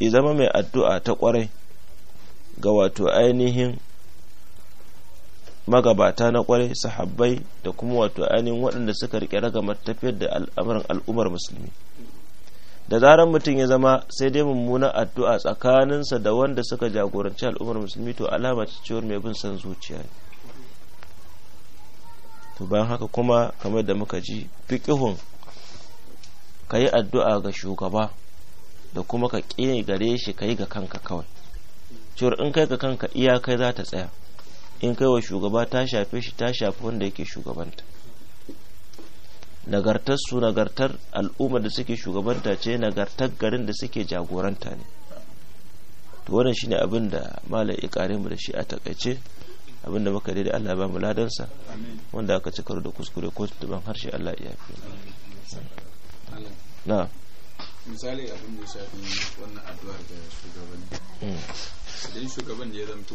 Speaker 1: ya zama mai addu'a ta kwarai ga wato ainihin magabata na kwarai sahabbai da kuma wato ainihin waɗanda suka riƙe ragamar tafiyar da al'amuran al'ummar musulmi da zarar mutum ya zama sai dai mummunan addu'a tsakaninsa da wanda suka jagoranci al'ummar musulmi to alama ta mai bin son zuciya ne to bayan haka kuma kamar da muka ji fiƙihun ka yi addu'a ga shugaba da kuma ka ƙine gare shi ka yi ga kanka kawai cewar in kai ga kanka iya kai za ta tsaya in kai wa shugaba ta shafe shi ta shafi wanda yake shugabanta nagartar su nagartar al'ummar da suke shugabanta ce nagartar garin da suke jagoranta ne to wannan shine abin da malai ya mu da shi a takaice abin da muka daidai Allah ba mu ladansa wanda aka cikar da kuskure ko tuban harshe Allah ya yafe na
Speaker 2: misali abin da shafi wannan addu'ar da shugaban hmm. idan shugaban da ya zamto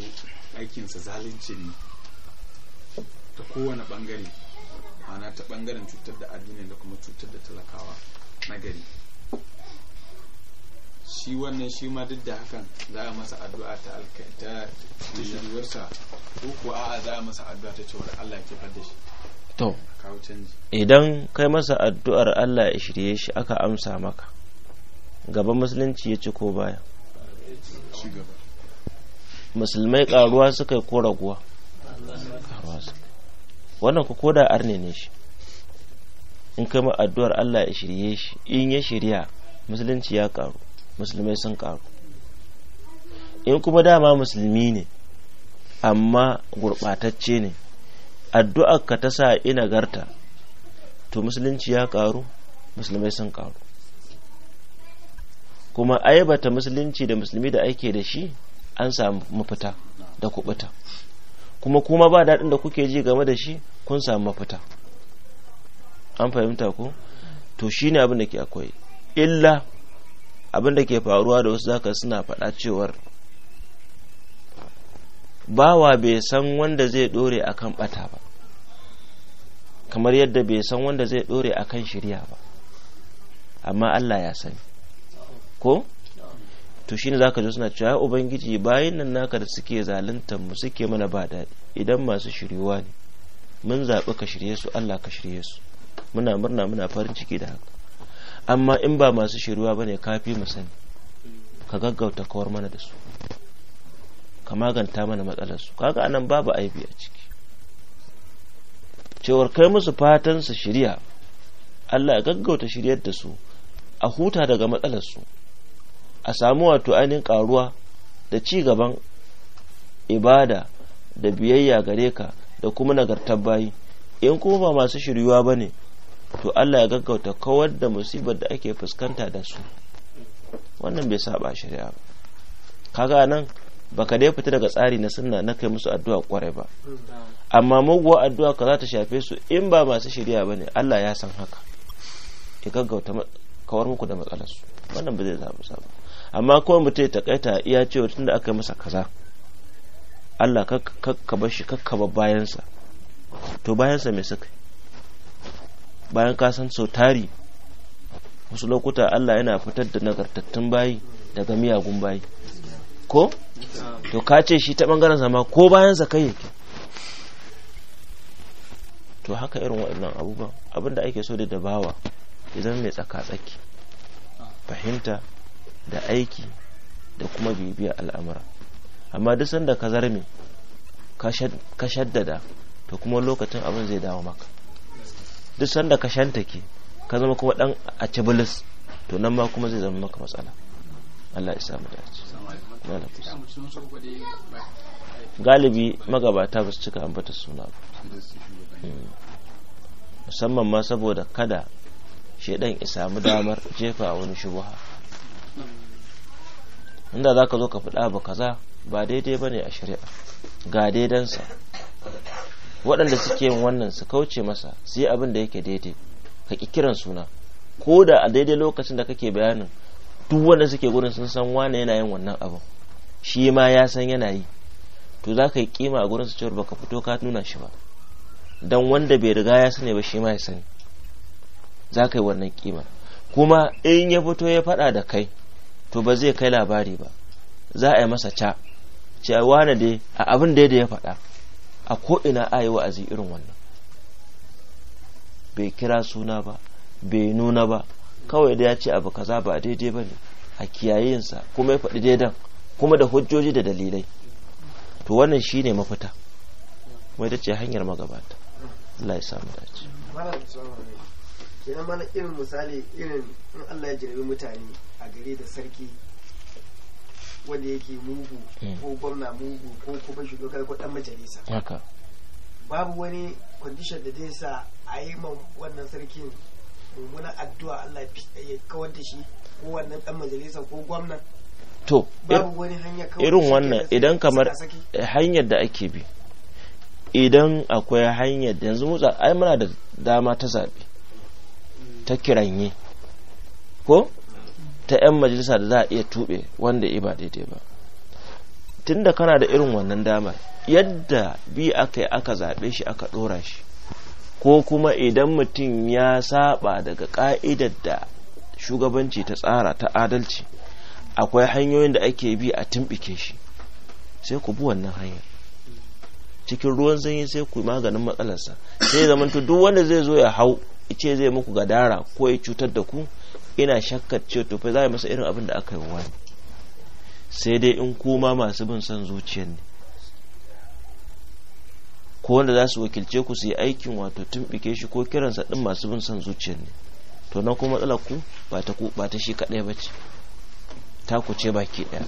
Speaker 2: aikinsa zalunci ne ta kowane bangare ma'ana ta bangaren cutar da addini da kuma cutar da talakawa na gari shi wannan shi ma duk da hakan za a masa addu'a ta alkaita ta shirwarsa ko kuwa a za a masa addu'a ta cewar Allah ya kifar da shi
Speaker 1: to idan kai masa addu'ar Allah ya shirye shi aka amsa maka gaba musulunci ya ci ko baya musulmai karuwa suka yi ko raguwa wannan ku koda arne ne shi in kai ma addu'ar Allah ya shirye shi in ya shirya musulunci ya karu musulmai sun karu in kuma dama musulmi ne amma gurɓatacce ne addu'ar ka ta sa ina garta to musulunci ya ƙaru musulmai sun ƙaru kuma aibata musulunci da musulmi da ake da shi an samu mafita da kubuta kuma kuma ba daɗin da kuke ji game da shi kun samu mafita an fahimta ko to shi ne abin da ke akwai illa abin da ke faruwa da wasu zaka suna faɗa cewar bawa bai san wanda zai dore akan bata ba kamar yadda bai san wanda zai dore a kan shirya ba amma Allah ya sani ko to shine zaka zo suna cewa ubangiji bayan nan naka da suke zaluntar mu suke mana ba daɗi idan masu shiryuwa ne mun zaɓi ka shirye su Allah ka shirye su muna murna muna farin ciki da haka amma in ba masu shiryuwa bane kafi mu sani ka gaggauta kawar mana da su ka maganta mana matsalarsu kaga anan babu aibi a ciki cewar kai musu fatan su shirya Allah ya gaggauta shiryar da su a huta daga matsalarsu a samu wato ainihin karuwa da ci gaban ibada da biyayya gare ka da kuma nagartar bayi in kuma ba masu shiryuwa ba ne to Allah ya gaggauta kawar da musibar da ake fuskanta da su wannan bai saba shari'a ba kaga nan baka dai fita daga tsari na sunna na kai musu addu'a kwarai ba amma muguwa addu'a ka za ta shafe su in ba masu shirya bane Allah ya san haka ya gaggauta kawar muku da matsalar su wannan ba zai zabu sabu amma ko mutai ta takaita iya cewa tunda aka yi masa kaza Allah ka bar shi ka bar bayansa to bayansa mai suka bayan ka san sau tari wasu lokuta Allah yana fitar da nagartattun bayi daga miyagun bayi ko to ka ce shi ta bangaren zama ko bayan sa kai yake to haka irin waɗannan abubuwan abinda ake so da dabawa idan mai tsaka-tsaki fahimta da aiki da kuma bibiya al'amura amma duk sanda ka zarme ka shaddada to kuma lokacin abin zai dawo maka duk sanda ka shantake ka zama kuma dan a cibilis to nan ma kuma zai zama maka matsala Allah ya samu dace galibi magabata ba su cika ambata suna ba musamman ma saboda kada shaidan ya samu damar jefa wani shubuha inda za ka zo ka faɗa ba kaza ba daidai ba ne a shari'a ga daidansa waɗanda suke yin wannan su kauce masa su yi abin da yake daidai ka ƙi kiran suna ko da a daidai lokacin da kake bayanin duk wanda suke gurin sun san wane yana yin wannan abin shi ma ya san yana yi to za ka yi kima a gurin su cewar baka fito ka nuna shi ba don wanda bai riga ya sani ba shi ma ya sani za ka yi wannan kima kuma in ya fito ya faɗa da kai to ba zai kai labari ba za a yi masa ca cewa wane dai a abin da ya faɗa a ko ina a yi wa'azi irin wannan bai kira suna ba bai nuna ba kawai da ya ce abu kaza ba daidai ba ne a kiyayensa kuma ya faɗi daidan kuma da hujjoji da dalilai to wannan shi ne mafita wai ce hanyar magabata Allah ya samu dace
Speaker 3: mana irin misali irin in Allah ya jirbi mutane a gari da sarki wanda yake mugu hmm. ko gwamna mugu ko kuma shugabar ko dan majalisa babu wani condition da zai sa a yi wannan sarkin mummunan addu'a Allah ya kawar da shi ko wannan dan majalisa ko gwamnan
Speaker 1: to irin wannan idan kamar hanyar da ake bi idan akwai hanyar yanzu mutsa ai muna da dama ta zaɓe ta kiranye ko ta 'yan majalisa da za a iya tube wanda ya ba daidai ba tunda kana da irin wannan damar yadda bi aka yi aka zaɓe shi aka ɗora shi ko kuma idan mutum ya saba daga ka'idar da shugabanci ta tsara ta adalci akwai hanyoyin da ake bi a timbike shi sai ku bi wannan hanyar cikin ruwan sanyi sai ku maganin matsalarsa sai zamanto duk wanda zai zo ya hau ice zai muku gadara ko ya cutar da ku ina shakkar cewa za a yi masa irin abin da aka yi wani sai dai in kuma masu bin son zuciyar ne ko wanda za su wakilce ku su yi aikin wato tumbike shi ko kiransa din masu bin son zuciyar ne to nan kuma matsalar ku ba ta ku ba ta shi kadai ba ce ta ku ce baki ɗaya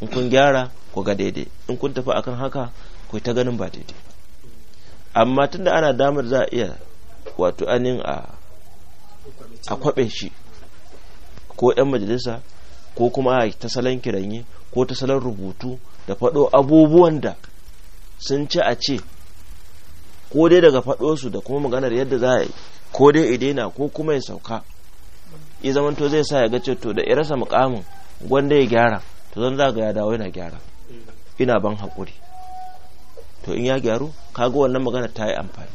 Speaker 1: in kun gyara ku ga daidai in kun tafi akan haka ku ta ganin ba daidai amma tunda ana damar za a iya wato anin a a kwabe shi ko yan majalisa ko kuma ta salon kiranye ko ta salon rubutu da faɗo abubuwan da sun ci a ce ko dai daga faɗosu da kuma maganar yadda za a yi ko dai idina ko kuma ya sauka ya to zai sa ya ga to da ya mukamin gwanda ya gyara to zan za ga ya dawo yana gyara ina ban haƙuri to in ya gyaru kaga wannan magana ta yi amfani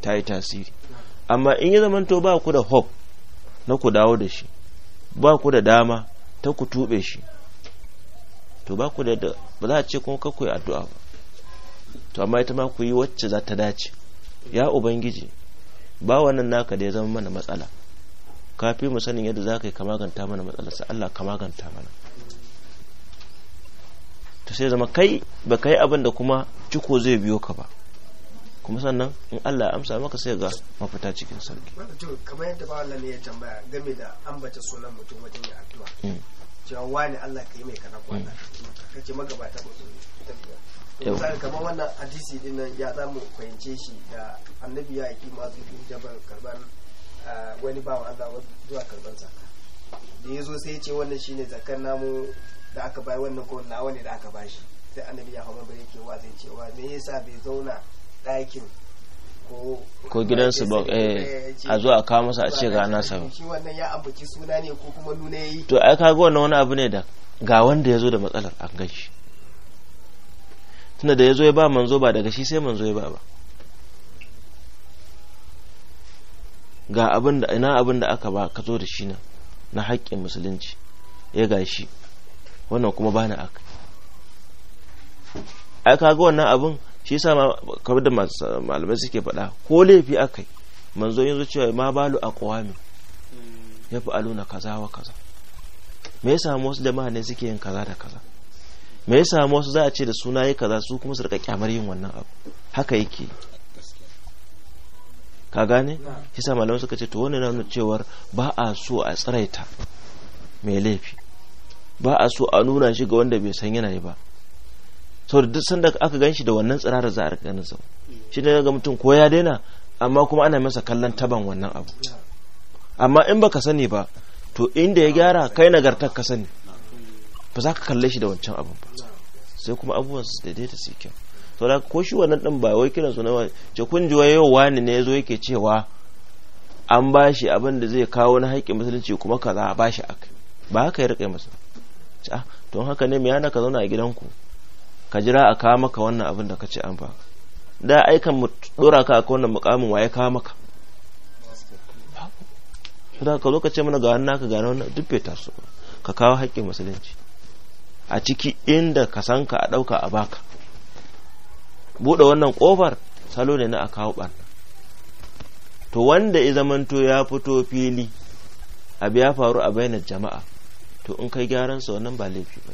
Speaker 1: ta yi tasiri amma in ya to ba ku da hope na ku dawo da shi ba ku da dama ta ku tuɓe shi to ba ku da ba za a ce kuma kakwai addu'a ba to amma ita ma ku yi wacce za ta dace ya ubangiji ba wannan naka da ya zama mana matsala ka fi mu sanin yadda za ka yi ka maganta mana matsalarsa Allah ka maganta mana to sai zama kai ba kai abin da kuma ciko zai biyo ka ba kuma sannan in Allah ya amsa maka sai ga mafita cikin sarki
Speaker 3: kamar yadda ba Allah ne ya tambaya game da ambata sunan mutum wajen ya addu'a hmm. cewa wani Allah ka yi mai kana kwana kace magabata ba su tafiya misali wannan hadisi din ya zamu fahimce shi da annabi ya masu karban sai ya ce wannan shine namu da aka wannan ko nawa ne annabi ya hawa yasa bai zauna ɗakin ko gidansu ba eh, eh, a zo a kawo masa a ce ga ana nuna yayi
Speaker 1: to ai kaga wannan wani abu ne da ga wanda ya zo da matsalar an gaishe tunda da ya zo ya ba manzo ba daga shi sai manzo ya ba ba ga abinda ina abinda aka ba ka zo da shi na na haƙƙin musulunci ya gashi wannan kuma bani aka ai kaga wannan abin shi yasa kamar da malamai suke faɗa ko laifi akai manzo yanzu cewa ma balu aqwami ya fi aluna kaza wa kaza me ya samu wasu jama'a ne suke yin kaza da kaza me ya samu wasu za a ce da suna yi kaza su kuma su rika kyamar yin wannan abu haka yake ka gane yasa malamai suka ce to wani na cewar ba a so a tsiraita mai laifi ba a so a nuna shi ga wanda bai san yana yi ba da duk sanda aka gan shi da wannan tsirarar za a rika ganin sa shi ne ga mutum ko ya daina amma kuma ana masa kallon taban wannan abu amma in baka sani ba to inda ya gyara kai nagartar ka sani ba za ka kalle shi da wancan abin ba sai kuma abubuwan su daidaita su kyau to da ko shi wannan din ba wai kiran sunan ce kun ji yau wani ne yazo yake cewa an ba shi abin da zai kawo na haƙƙin musulunci kuma kaza a ba shi akai ba haka ya rike masa a ah, to haka ne me yana ka zauna a gidanku ka jira a kawo maka wannan abin da ka ce an ba da aikan mu dora ka akwai wannan mukamin waye kawo maka ka zo ka ce mana ga wannan ka gane wannan duk bai taso ka kawo haƙƙin musulunci a ciki inda ka san ka a ɗauka a baka buɗe wannan ƙofar salo ne na a kawo ɓarna to wanda ya zamanto ya fito fili abu ya faru a bainar jama'a to in kai gyaran sa wannan ba laifi ba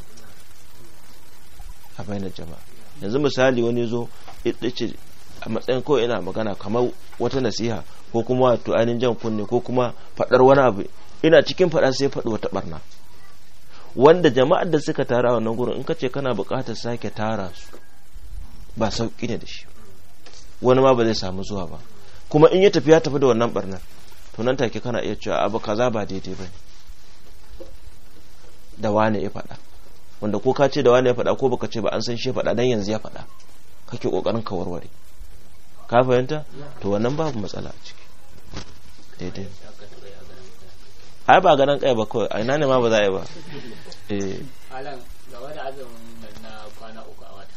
Speaker 1: a bainar jama'a yanzu misali wani zo ce a matsayin kawai ina magana kamar wata nasiha ko kuma wato ainihin jan kunne ko kuma faɗar wani abu ina cikin faɗa sai faɗi wata ɓarna wanda jama'ar da suka tara a wannan gurin in ka ce kana bukatar sake tara su ba sauƙi ne da shi wani ma ba zai samu zuwa ba kuma in ya tafi ya tafi da wannan barnar to nan take kana iya cewa abu kaza ba daidai ba da wane ya faɗa wanda ko ka ce da wane ya faɗa ko baka ce ba an san shi ya faɗa dan yanzu ya faɗa kake kokarin ka warware ka fahimta to wannan babu matsala a ciki daidai ai ba ganin kai ba kawai a ina ne ma ba za a yi ba eh
Speaker 3: alan gaba da azumin na kwana uku a wata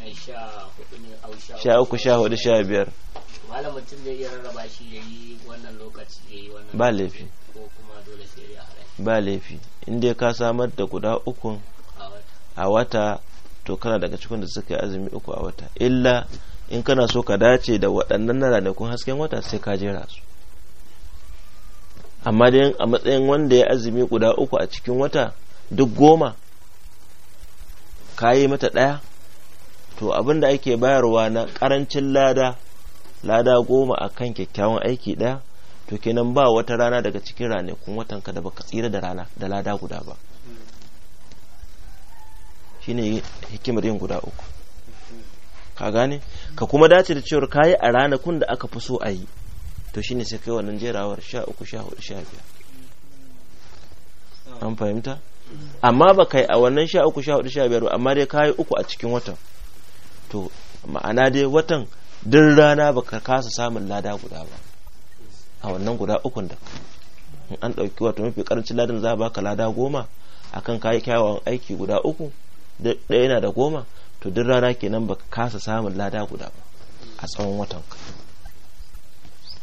Speaker 3: na sha hudu ne au sha uku sha hudu sha biyar malam mutum zai iya rarraba shi ya yi wannan lokaci ya yi wannan ba laifi ko kuma dole sai ya
Speaker 1: haɗa ba laifi in dai ka samar da guda uku a wata to kana daga cikin da suka yi azumi uku a wata illa in kana so ka dace da waɗannan na ranakun hasken wata sai ka jera su amma dai a matsayin wanda ya azumi guda uku a cikin wata duk goma kayi mata ɗaya to abinda da ake bayarwa na ƙarancin lada lada goma a kan kyakkyawan aiki ɗaya to kenan ba wata rana daga cikin ranakun watanka da baka tsira da rana da lada guda ba shine hikimar yin guda uku ka gane ka kuma dace da cewar kayi a ranakun da aka fi so a yi to shine sai kai wannan jerawar sha uku sha hudu sha biyar an fahimta amma ba kai a wannan sha uku sha hudu sha biyar amma dai kayi uku a cikin watan to ma'ana dai watan duk rana ba ka kasa samun lada guda ba a wannan guda ukun da in an ɗauki wato mafi karancin ladan za a baka lada goma akan kayi kyawawan aiki guda uku ɗaya yana da goma to duk rana kenan baka kasa samun lada guda ba a tsawon watan ka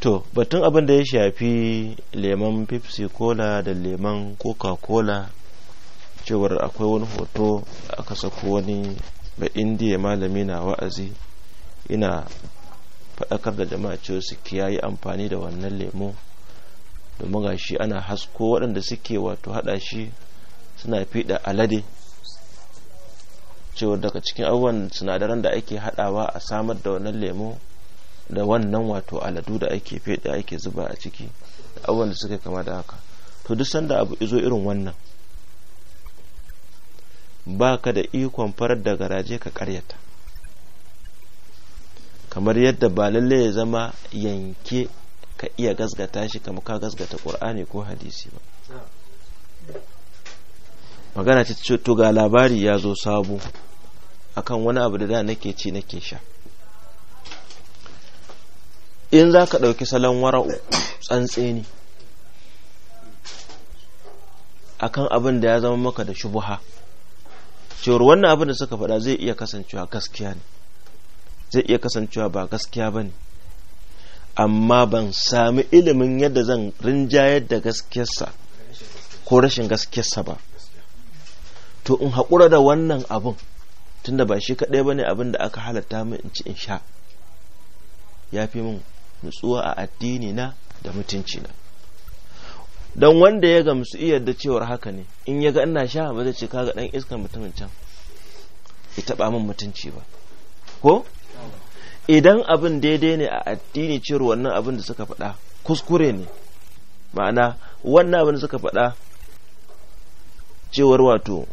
Speaker 1: to batun abin da ya shafi leman pepsi cola da leman coca cola cewar akwai wani hoto aka sako wani ba indiya malami na wa'azi ina faɗakar da jama'a cewa su kiyaye amfani da wannan lemo domin ga shi ana hasko waɗanda suke wato haɗa shi suna fiɗa alade cewar daga cikin abubuwan sinadaran da ake haɗawa a samar da wannan lemo da wannan wato aladu da ake feɗe ake zuba a ciki abubuwan da suka kama da haka to duk sanda abu izo irin wannan ba ka da ikon farar da garaje ka karyata kamar yadda ba lalle ya zama yanke ka iya gasgata shi kama ka gasgata ƙur'ani ko hadisi ba magana ce to ga labari ya zo sabo akan wani abu da da nake ci nake sha in za ka ɗauki salon wara'u tsantseni akan abin da ya zama maka da shubuha cewar wannan abin da suka faɗa zai iya kasancewa gaskiya ne zai iya kasancewa ba gaskiya ba ne amma ban sami ilimin yadda zan rinjayar da gaskiyarsa ko rashin gaskiyarsa ba to in haƙura da wannan abin tunda ba shi kaɗai ba ne abin da aka halatta min in ci in sha ya fi min nutsuwa a addini na da mutunci na don wanda ya gamsu iya da cewar haka ne in ya ga ina sha ba zai ce kaga dan iskan mutumin can ya taba min mutunci ba ko idan abin daidai ne a addini cewar wannan abin da suka faɗa kuskure ne ma'ana wannan abin da suka faɗa cewar wato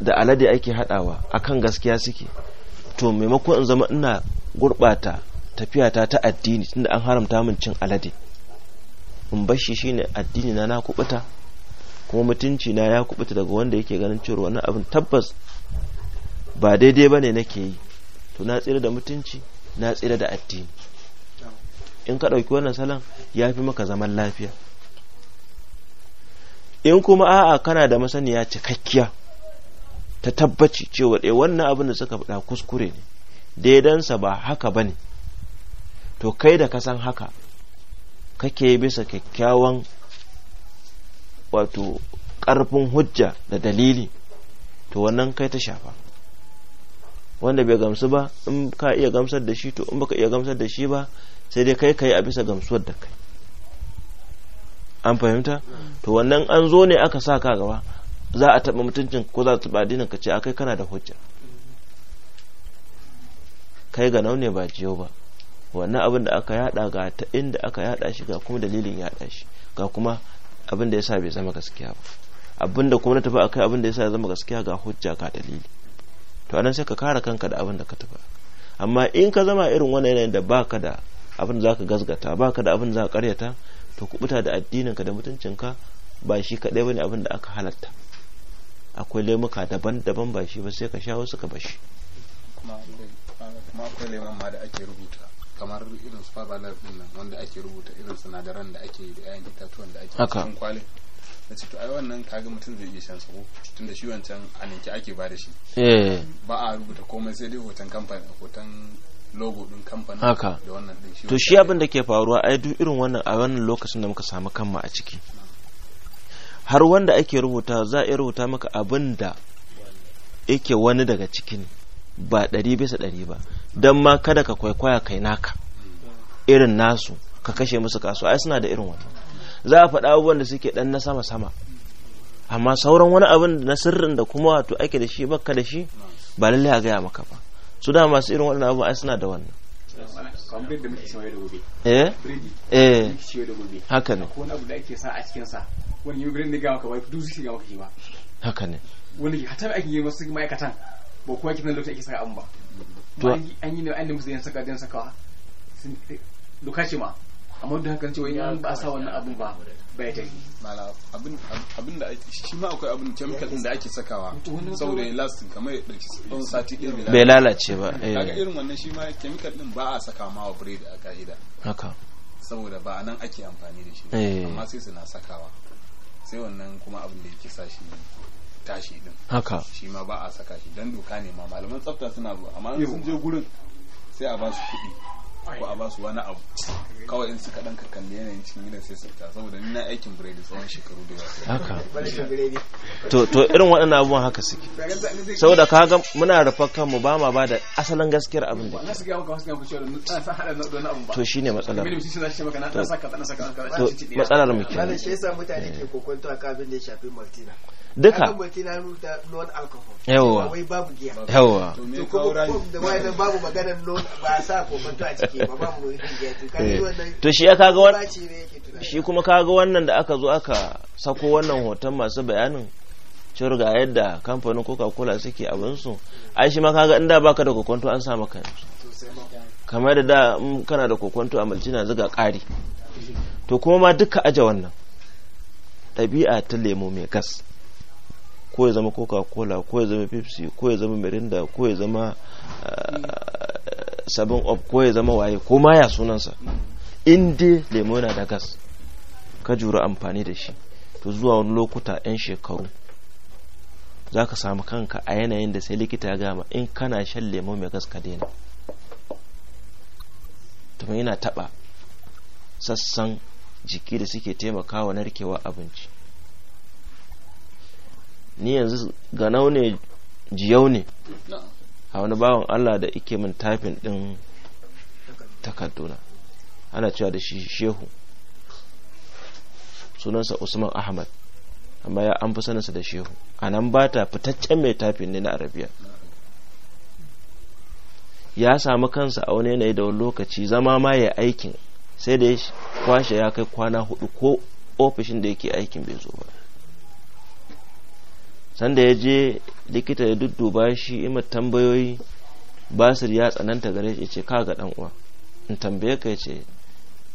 Speaker 1: da alade ake haɗawa akan gaskiya suke to maimakon in zama ina gurɓata tafiyata ta addini tunda an haramta min cin alade in bashi shine addini na na kubuta kuma mutunci na ya kubuta daga wanda yake ganin cewa wannan abin tabbas ba daidai bane nake yi to na tsira da mutunci na tsira da addini in ka ɗauki wannan salon ya fi maka zaman lafiya in kuma a'a kana da masaniya cikakkiya ta tabbaci cewa ɗaya eh, wannan abin da suka faɗa kuskure ne daidansa ba haka bane ne to kai da kasan haka kake bisa kyakkyawan wato ƙarfin hujja da dalili to wannan kai ta shafa wanda bai gamsu ba in ka iya gamsar da shi to in baka iya gamsar da shi ba sai dai kai kai a bisa gamsuwar da kai an fahimta to wannan an zo ne aka sa ka gaba za a taɓa mutuncin ko za a taɓa dinin ka ce kai kana da hujja kai ga ne ba jiyo ba wannan abin da aka yada ga ta inda aka yada shi ga kuma dalilin yada shi ga kuma abin da yasa bai zama gaskiya ba abin da kuma na tafi akai abin da yasa ya zama gaskiya ga hujja ga dalili to anan sai ka kare kanka da abin da ka tafi amma in ka zama irin wannan yanayin da baka da abin da zaka gazgata baka da abin da zaka karyata to kubuta da addinin ka da mutuncinka ba shi kadai bane abin da aka halatta akwai lemuka daban-daban ba shi ba sai ka sha wasu ka bashi
Speaker 2: kuma akwai lemun ma da ake rubuta kamar irin su fabalar din nan wanda ake rubuta irin sinadaran da ake yi da yayin itatuwan da ake cikin kwale na ce to ai wannan kaga mutum zai iya shan sa tun da shi wancan a ninki ake ba da shi eh. ba a rubuta komai sai dai hoton kamfani hoton logo din kamfanin haka da wannan din shi to shi abin
Speaker 1: da ke faruwa ai duk irin wannan a wannan lokacin da muka samu kanmu a ciki har wanda ake rubuta za a iya rubuta maka abin da yake wani daga cikin ba ɗari bisa ɗari ba don ma kada ka kwaikwaya kai naka irin nasu ka kashe musu kasu ai suna da irin wani za a faɗa abubuwan da suke ɗan na sama-sama amma sauran wani abin na sirrin da kuma wato ake da shi baka da shi ba lalle a gaya maka ba su da masu irin wannan abu ai suna da wannan eh eh haka ne
Speaker 4: wani abu da ake sa a cikin sa wani yi birnin gawa ka ba duk zai gawa ka ba haka ne wani hatar ake yi masu ma'aikatan ba kuma kifin lokacin ake sa abin ba to an yi ne an limsa yan saka dan sakawa sun doka ce ma
Speaker 2: amma duk hakan cewa in ba a sa wannan abin ba bai ta yi abin abin da ake shi ma akwai abin chemical din da ake sakawa saboda ya lasting kamar yadda dauki tsawon sati ɗaya bai lalace ba eh. kaga irin wannan shi ma chemical din ba a saka ma wa bread a ka'ida haka saboda ba anan ake amfani da shi eh. amma sai suna sakawa sai wannan kuma abin da yake sa shi tashi din haka shi ma ba a saka shi dan doka ne ma malaman tsafta suna zuwa amma in sun je gurin sai a ba su kuɗi ko a ba su wani abu kawai in suka dan kalle yanayin cikin gidan sai su fita saboda ni na aikin biredi tsawon shekaru da yawa haka
Speaker 4: to to irin waɗannan
Speaker 1: abubuwan haka suke saboda ka ga muna rufa kanmu ba ma ba da asalin gaskiyar abin da
Speaker 4: to shine matsalar
Speaker 3: to matsalar mu kenan shi yasa mutane ke eh. kokonto a abin da ya shafi martina duka yawwa yawwa eh.
Speaker 1: to shi ya kaga wannan shi kuma kaga wannan da aka zo aka sako wannan hoton masu bayanin cewar yadda kamfanin coca-cola suke abinsu ai shi ma kaga inda baka da kokonto an sa maka kamar da da kana da kokonto a malcina zuga ƙari to kuma ma duka aja wannan ɗabi'a ta lemo mai gas ko ya zama coca-cola ko ya zama pepsi ko ya zama mirinda ko ya zama eh, sabon up ko ya zama waye ko ma ya sunansa inda lemo yana da gas ka jura amfani da shi to zuwa wani lokuta 'yan shekaru za ka samu kanka a yanayin da sai likita ya gama in kana shan lemo mai gas ka daina tuma yana taɓa sassan jiki da suke taimakawa narkewa abinci ni yanzu ganau ne jiyau ne a wani bawan Allah da ike min tafin din takarduna ana cewa da shi shehu sunansa Usman Ahmad amma ya an fi sanarsa da shehu a nan ba ta fitaccen mai tafin ne na arabiya ya samu kansa a wani yanayi da wani lokaci zama ma ya aikin sai da ya kwashe ya kai kwana hudu ko ofishin da yake aikin bai zo ba sanda ya je likita ya dudduba shi ima tambayoyi basir ya tsananta gare shi ce ka ga dan uwa in tambaye ka ce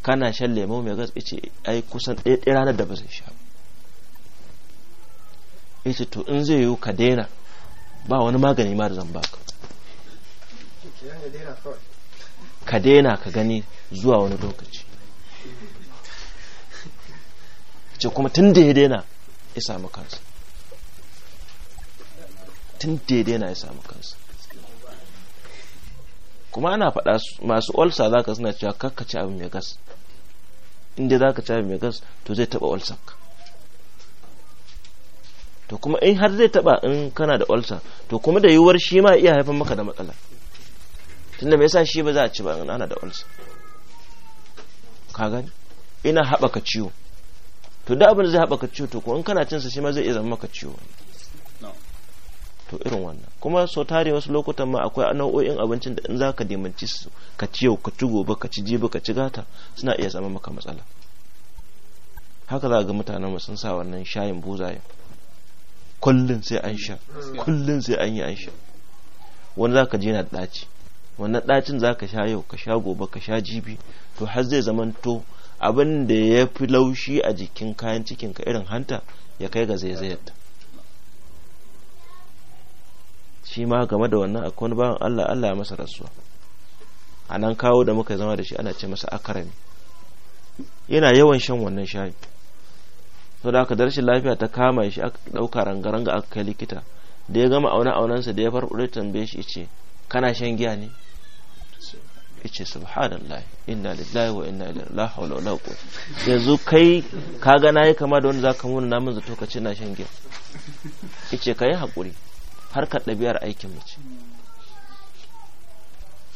Speaker 1: kana shan lemo mai gas ce ai kusan ɗaya ranar da ba zai sha ya ce to in zai yiwu ka daina ba wani magani ma da zan baka ka daina ka gani zuwa wani lokaci ce kuma tun da ya daina ya samu kansa tun daidai na ya samu kansa kuma ana faɗa masu olsa za ka suna cewa kakka ci abu mai gas inda za ka ci abu mai gas to zai taɓa olsa to kuma in har zai taɓa in kana da olsa to kuma da yiwuwar shi ma iya haifar maka da matsala tunda me yasa shi ba za a ci ba in ana da olsa ka gani ina haɓaka ciwo to da abin zai haɓaka ciwo to ko in kana cinsa shi ma zai iya zama maka ciwo to irin wannan kuma so tare wasu lokutan ma akwai nau'o'in abincin da in za ka dimanci su ka ci yau ka ci gobe ka ci jibi ka ci gata suna iya zama maka matsala haka za ga mutanen mu sun sa wannan shayin buzayen kullun sai an sha kullun sai an yi an sha wani za ka je na ɗaci wannan ɗacin za ka sha yau ka sha gobe ka sha jibi to har zai zamanto abin da ya fi laushi a jikin kayan cikinka irin hanta ya kai ga zaizayarta shi ma game da wannan akwai wani bawan Allah Allah ya masa rasuwa a nan kawo da muka zama da shi ana ce masa akarami yana yawan shan wannan shayi sau da aka darshi lafiya ta kama shi aka ɗauka rangaranga aka kai likita da ya gama auna aunansa da ya farfaɗo tambaye shi ce kana shan giya ne ce subhanallah inna lillahi wa inna ilaihi la hawla la quwwata yanzu kai kaga nayi kama da wanda zaka muna namun zato ka ce na shan giya ice kai hakuri harkar ɗabi'ar aikin mace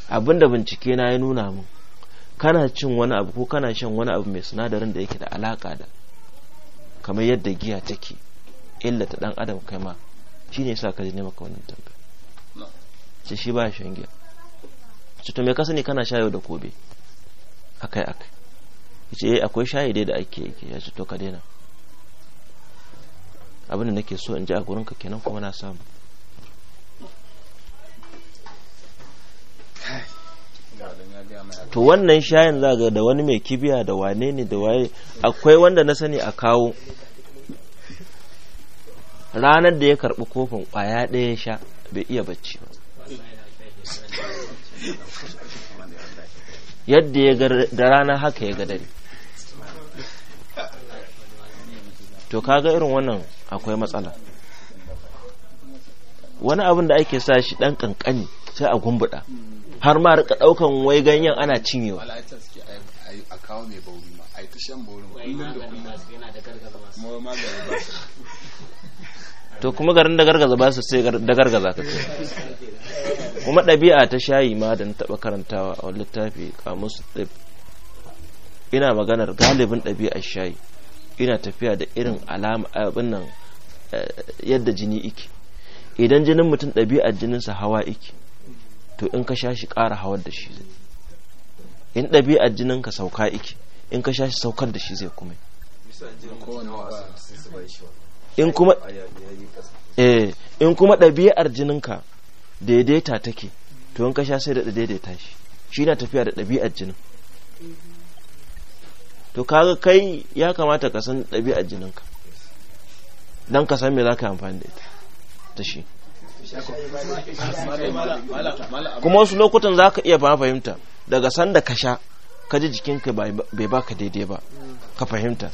Speaker 1: abinda bincike na ya nuna min kana cin wani abu ko kana shan wani abu mai sinadarin da yake da alaƙa da kamar yadda giya take ta ɗan adam kai ma shine sa ka ji nema maka wannan tambaya ce shi ba shan giya ce to me kasa ne kana shayo da kobe akai akai ya ce eh, akwai shayi dai da ake yake ya ce to ka daina abin da nake so in ji a gurinka kenan kuma na samu to wannan shayin za da wani mai kibiya da wane ne da waye akwai wanda na sani a kawo ranar da ya karbi kofin kwaya ɗaya sha bai iya bacci ba yadda ya da ranar haka ya ga to kaga irin wannan akwai matsala wani abin da ake sa shi ɗan ƙanƙani sai a gumbuɗa har ma rika daukan wai ganyen ana cinyewa a to kuma garin da gargaza ba su sai da gargaza ka ce kuma ɗabi'a ta shayi ma da na taɓa karantawa a littafi kamus ɗib ina maganar galibin ɗabi'a shayi ina tafiya da irin alama abin nan eh, yadda jini iki, idan jinin mutum ɗabi'a jininsa hawa ike to in ka sha shi ƙara hawar da shi zai in ɗabi'ar jinin ka sauka iki in ka sha shi saukar da shi zai kuma in kuma eh, ɗabi'ar jinin ka ɗabi'ar daidaita take to in ka sha sai da daidaita shi shi na tafiya da ɗabi'ar jinin to kaga kai ya kamata ka san ɗabi'ar ka don ka san me za ka amfani da ita ta shi kuma wasu lokutan za ka iya ba fahimta daga sanda ka sha ka ji jikinka bai ba ka daidai ba ka fahimta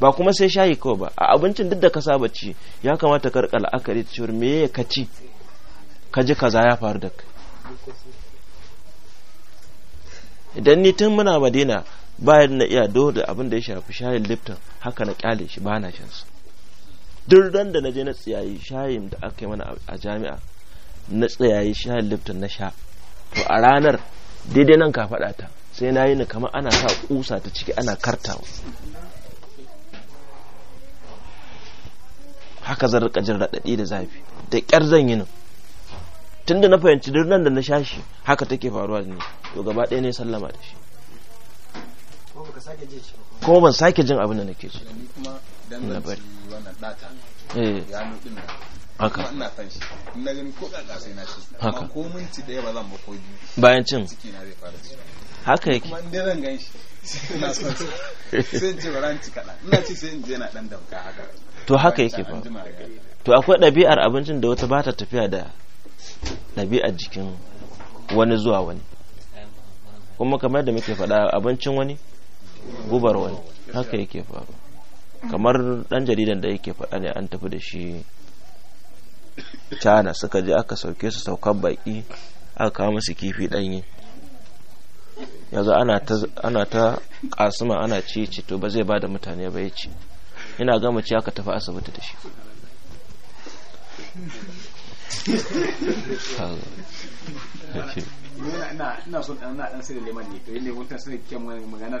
Speaker 1: ba kuma sai shayi kawai ba a abincin duk da ka saba ci ya kamata ka rika la'akari ta me ya ka ci ka ji kaza ya faru da kai idan ni tun muna madina bayan na iya do da abin da ya shafi shayin lipton haka na kyale shi ba na shan duk ran da na je na tsayaye shayin da aka yi mana a jami'a na tsayaye shayin lifton na sha to a ranar daidai nan ka faɗa ta sai na yi ni kamar ana sa kusa ta ciki ana kartawa haka zan rika jin raɗaɗi da zafi da ƙyar zan yi tunda na fahimci duk nan da na sha shi haka take faruwa da ni to gaba ɗaya ne sallama da shi kuma ban sake jin abin da nake so na bari wannan eh.
Speaker 2: bayan cin haka yake kuma haka to haka yake
Speaker 1: to akwai ɗabi'ar abincin da wata bata tafiya da ɗabi'ar jikin wani zuwa wani kuma kamar da muke faɗa abincin wani gubar wani haka yake faru kamar dan jaridan da yake faɗa ne an tafi da shi cana suka je aka sauke su saukan baki aka kawo musu kifi ɗanyi yanzu ana ta kasuma ana ci ci to ba zai ba da mutane ba ya ci ina gama ci aka tafi asibiti da shi
Speaker 4: ina son ɗan na ɗan sai da liman ne to yi ne wutan sai kyan maganar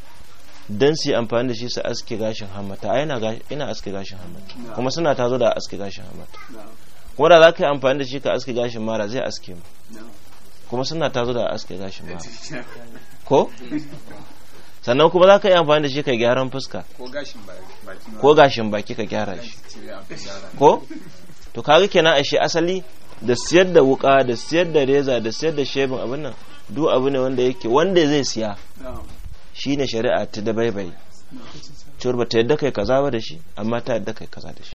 Speaker 1: don su yi amfani da shi su aske gashin hamata a yana ina aske gashin hamata kuma suna tazo da aske gashin hamata kuma za ka yi amfani da shi ka aske gashin mara zai aske mu kuma suna tazo da aske gashin mara <laughs> ko sannan kuma za ka yi amfani da shi ka gyaran fuska ko gashin baki ka gyara shi ko to kaga kenan shi asali da siyar da wuka da siyar da reza da siyar da shebin abin nan duk abu ne wanda yake wanda zai siya shine shari'a ta da baibai bai ba ta yadda kai kaza ba da shi amma ta yadda kai kaza da shi